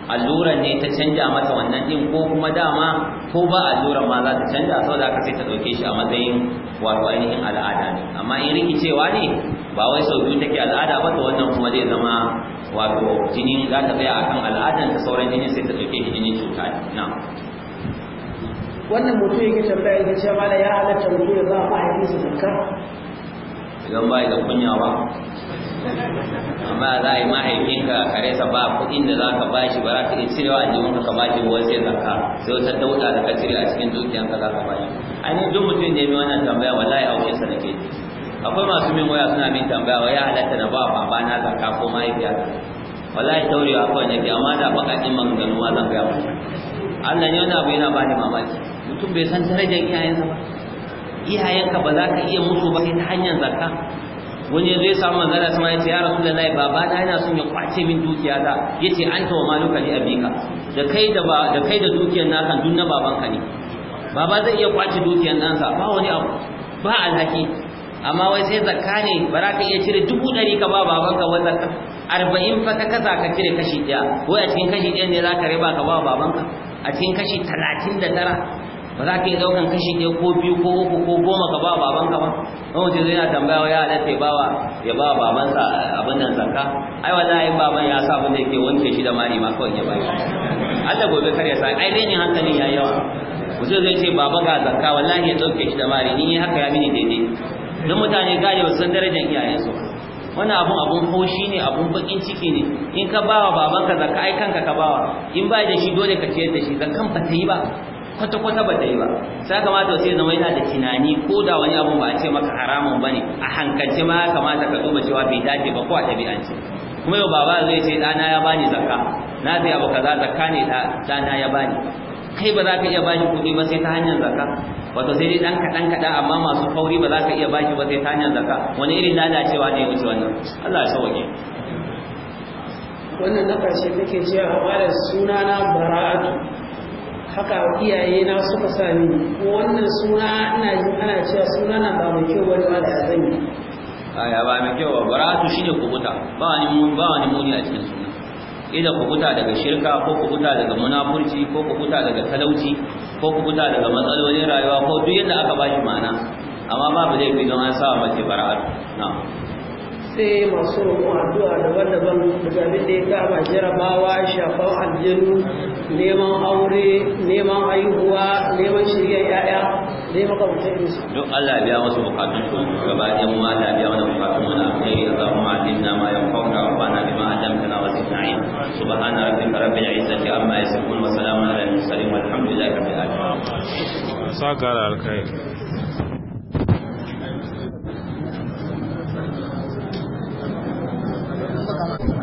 alluran ne ta canja mata wannan din ko kuma dama ko ba alluran ma za ta canja saboda haka sai ta dauke shi a matsayin wato ainihin al'ada ne amma in rikicewa ne ba wai sau biyu take al'ada ba to wannan kuma zai zama wato jini za ta tsaya akan al'adan ta sauran jini sai ta dauke shi jini cuta na wannan mutum yake tambaya yake cewa mala ya halatta mutum ya ba mahaifinsa zakka idan ba ya kunya ba amma za a yi mahaifinka kare sa ba kuɗin da za ka ba shi ba za ka iya cirewa a jikin ka ba shi wani sai zakka sai wata dauda da ka cire a cikin dukiyanka za ka ba shi ainihin duk mutum ne mai wannan tambaya wallahi aukin sa nake ji akwai masu min waya suna min tambaya wa ya halatta na ba ba na zakka ko mahaifiya wallahi wa kawai nake amma da bakakin maganganu ma zan gaya maka Allah ne wani abu yana ba ni mamaki mutum bai san darajar iyayensa ba iyayenka ba za ka iya musu ba ta hanyar zarka wani zai samu manzala sama ya ce ya rasulullahi baba na yana son ya kwace min dukiya ta ce an tawa maluka ne abika da kai da kai da dukiyar naka na babanka ne baba zai iya kwace dukiyar ɗansa ba wani abu ba alhaki amma wai sai zakka ne ba za ka iya cire dubu ɗari ka ba babanka wai arba'in fa ka kasa ka cire kashi ɗaya wai a cikin kashi ɗaya ne za ka riba ka ba babanka a cikin kashi talatin da tara ba za ka yi daukan kashi ɗaya ko biyu ko uku ko goma ka ba babanka ba don mutum zai na tambaya ya halatta ya bawa ya baban sa abin nan zakka ai wallahi baban ya sa abin da yake wanke shi da mari ma kawai ya bayar Allah gobe kar ya sa ai dai ne hankalin ya yawa mutum zai ce baba ga zakka wallahi ya dauke shi da mari ni haka ya mini daidai don mutane gane ba san darajar iyayensu wani abun abun haushi ne abun bakin ciki ne in ka bawa babanka zakka ai kanka ka bawa in bai da shi dole ka ciyar da shi zakkan ba ta yi ba kwata-kwata ba ta yi ba sai kamata sai zama yana da tunani ko da wani abu ba a ce maka haramun ba ne a hankalce ma kamata ka duba cewa bai dace ba ko a ɗabi'ance kuma yau baba zai ce dana ya bani zakka na sai abu kaza zakka ne dana ya bani kai ba za ka iya bashi kuɗi ba sai ta hanyar zakka wato sai dai ɗan kaɗan kaɗan amma masu kauri ba za ka iya bashi ba sai ta hanyar zakka wani irin lalacewa ne ya wuce wannan Allah ya sauke wannan na ƙarshe take cewa a sunana bara'atu haka iyaye na suka sa ni ko wannan suna ina yi ana cewa suna na ba mai kyau wani ma da zan yi aya ba mai kyau ba baratu shine kubuta ba wani ba wani muni a cikin suna idan kubuta daga shirka ko kubuta daga munafurci ko kubuta daga talauci ko kubuta daga matsalolin rayuwa ko duk yadda aka ba shi ma'ana amma babu zai fi zama sa mace bara'atu na'am sai masu roƙon addu'a daban-daban daga abin da ya kama jarabawa shafan aljanu neman aure neman haihuwa neman shirya ya'ya neman makamta isu duk Allah biya wasu bukatun su gaba ɗayan mata biya wani bukatun mana ne ya zama Allahumma na ma yanfa'una wa fa'na bima allamtana wa zidna ilma subhana rabbika rabbil izzati amma yasifun wa salamun ala al mursalin walhamdulillahi rabbil alamin sa gara alkhairi Thank you.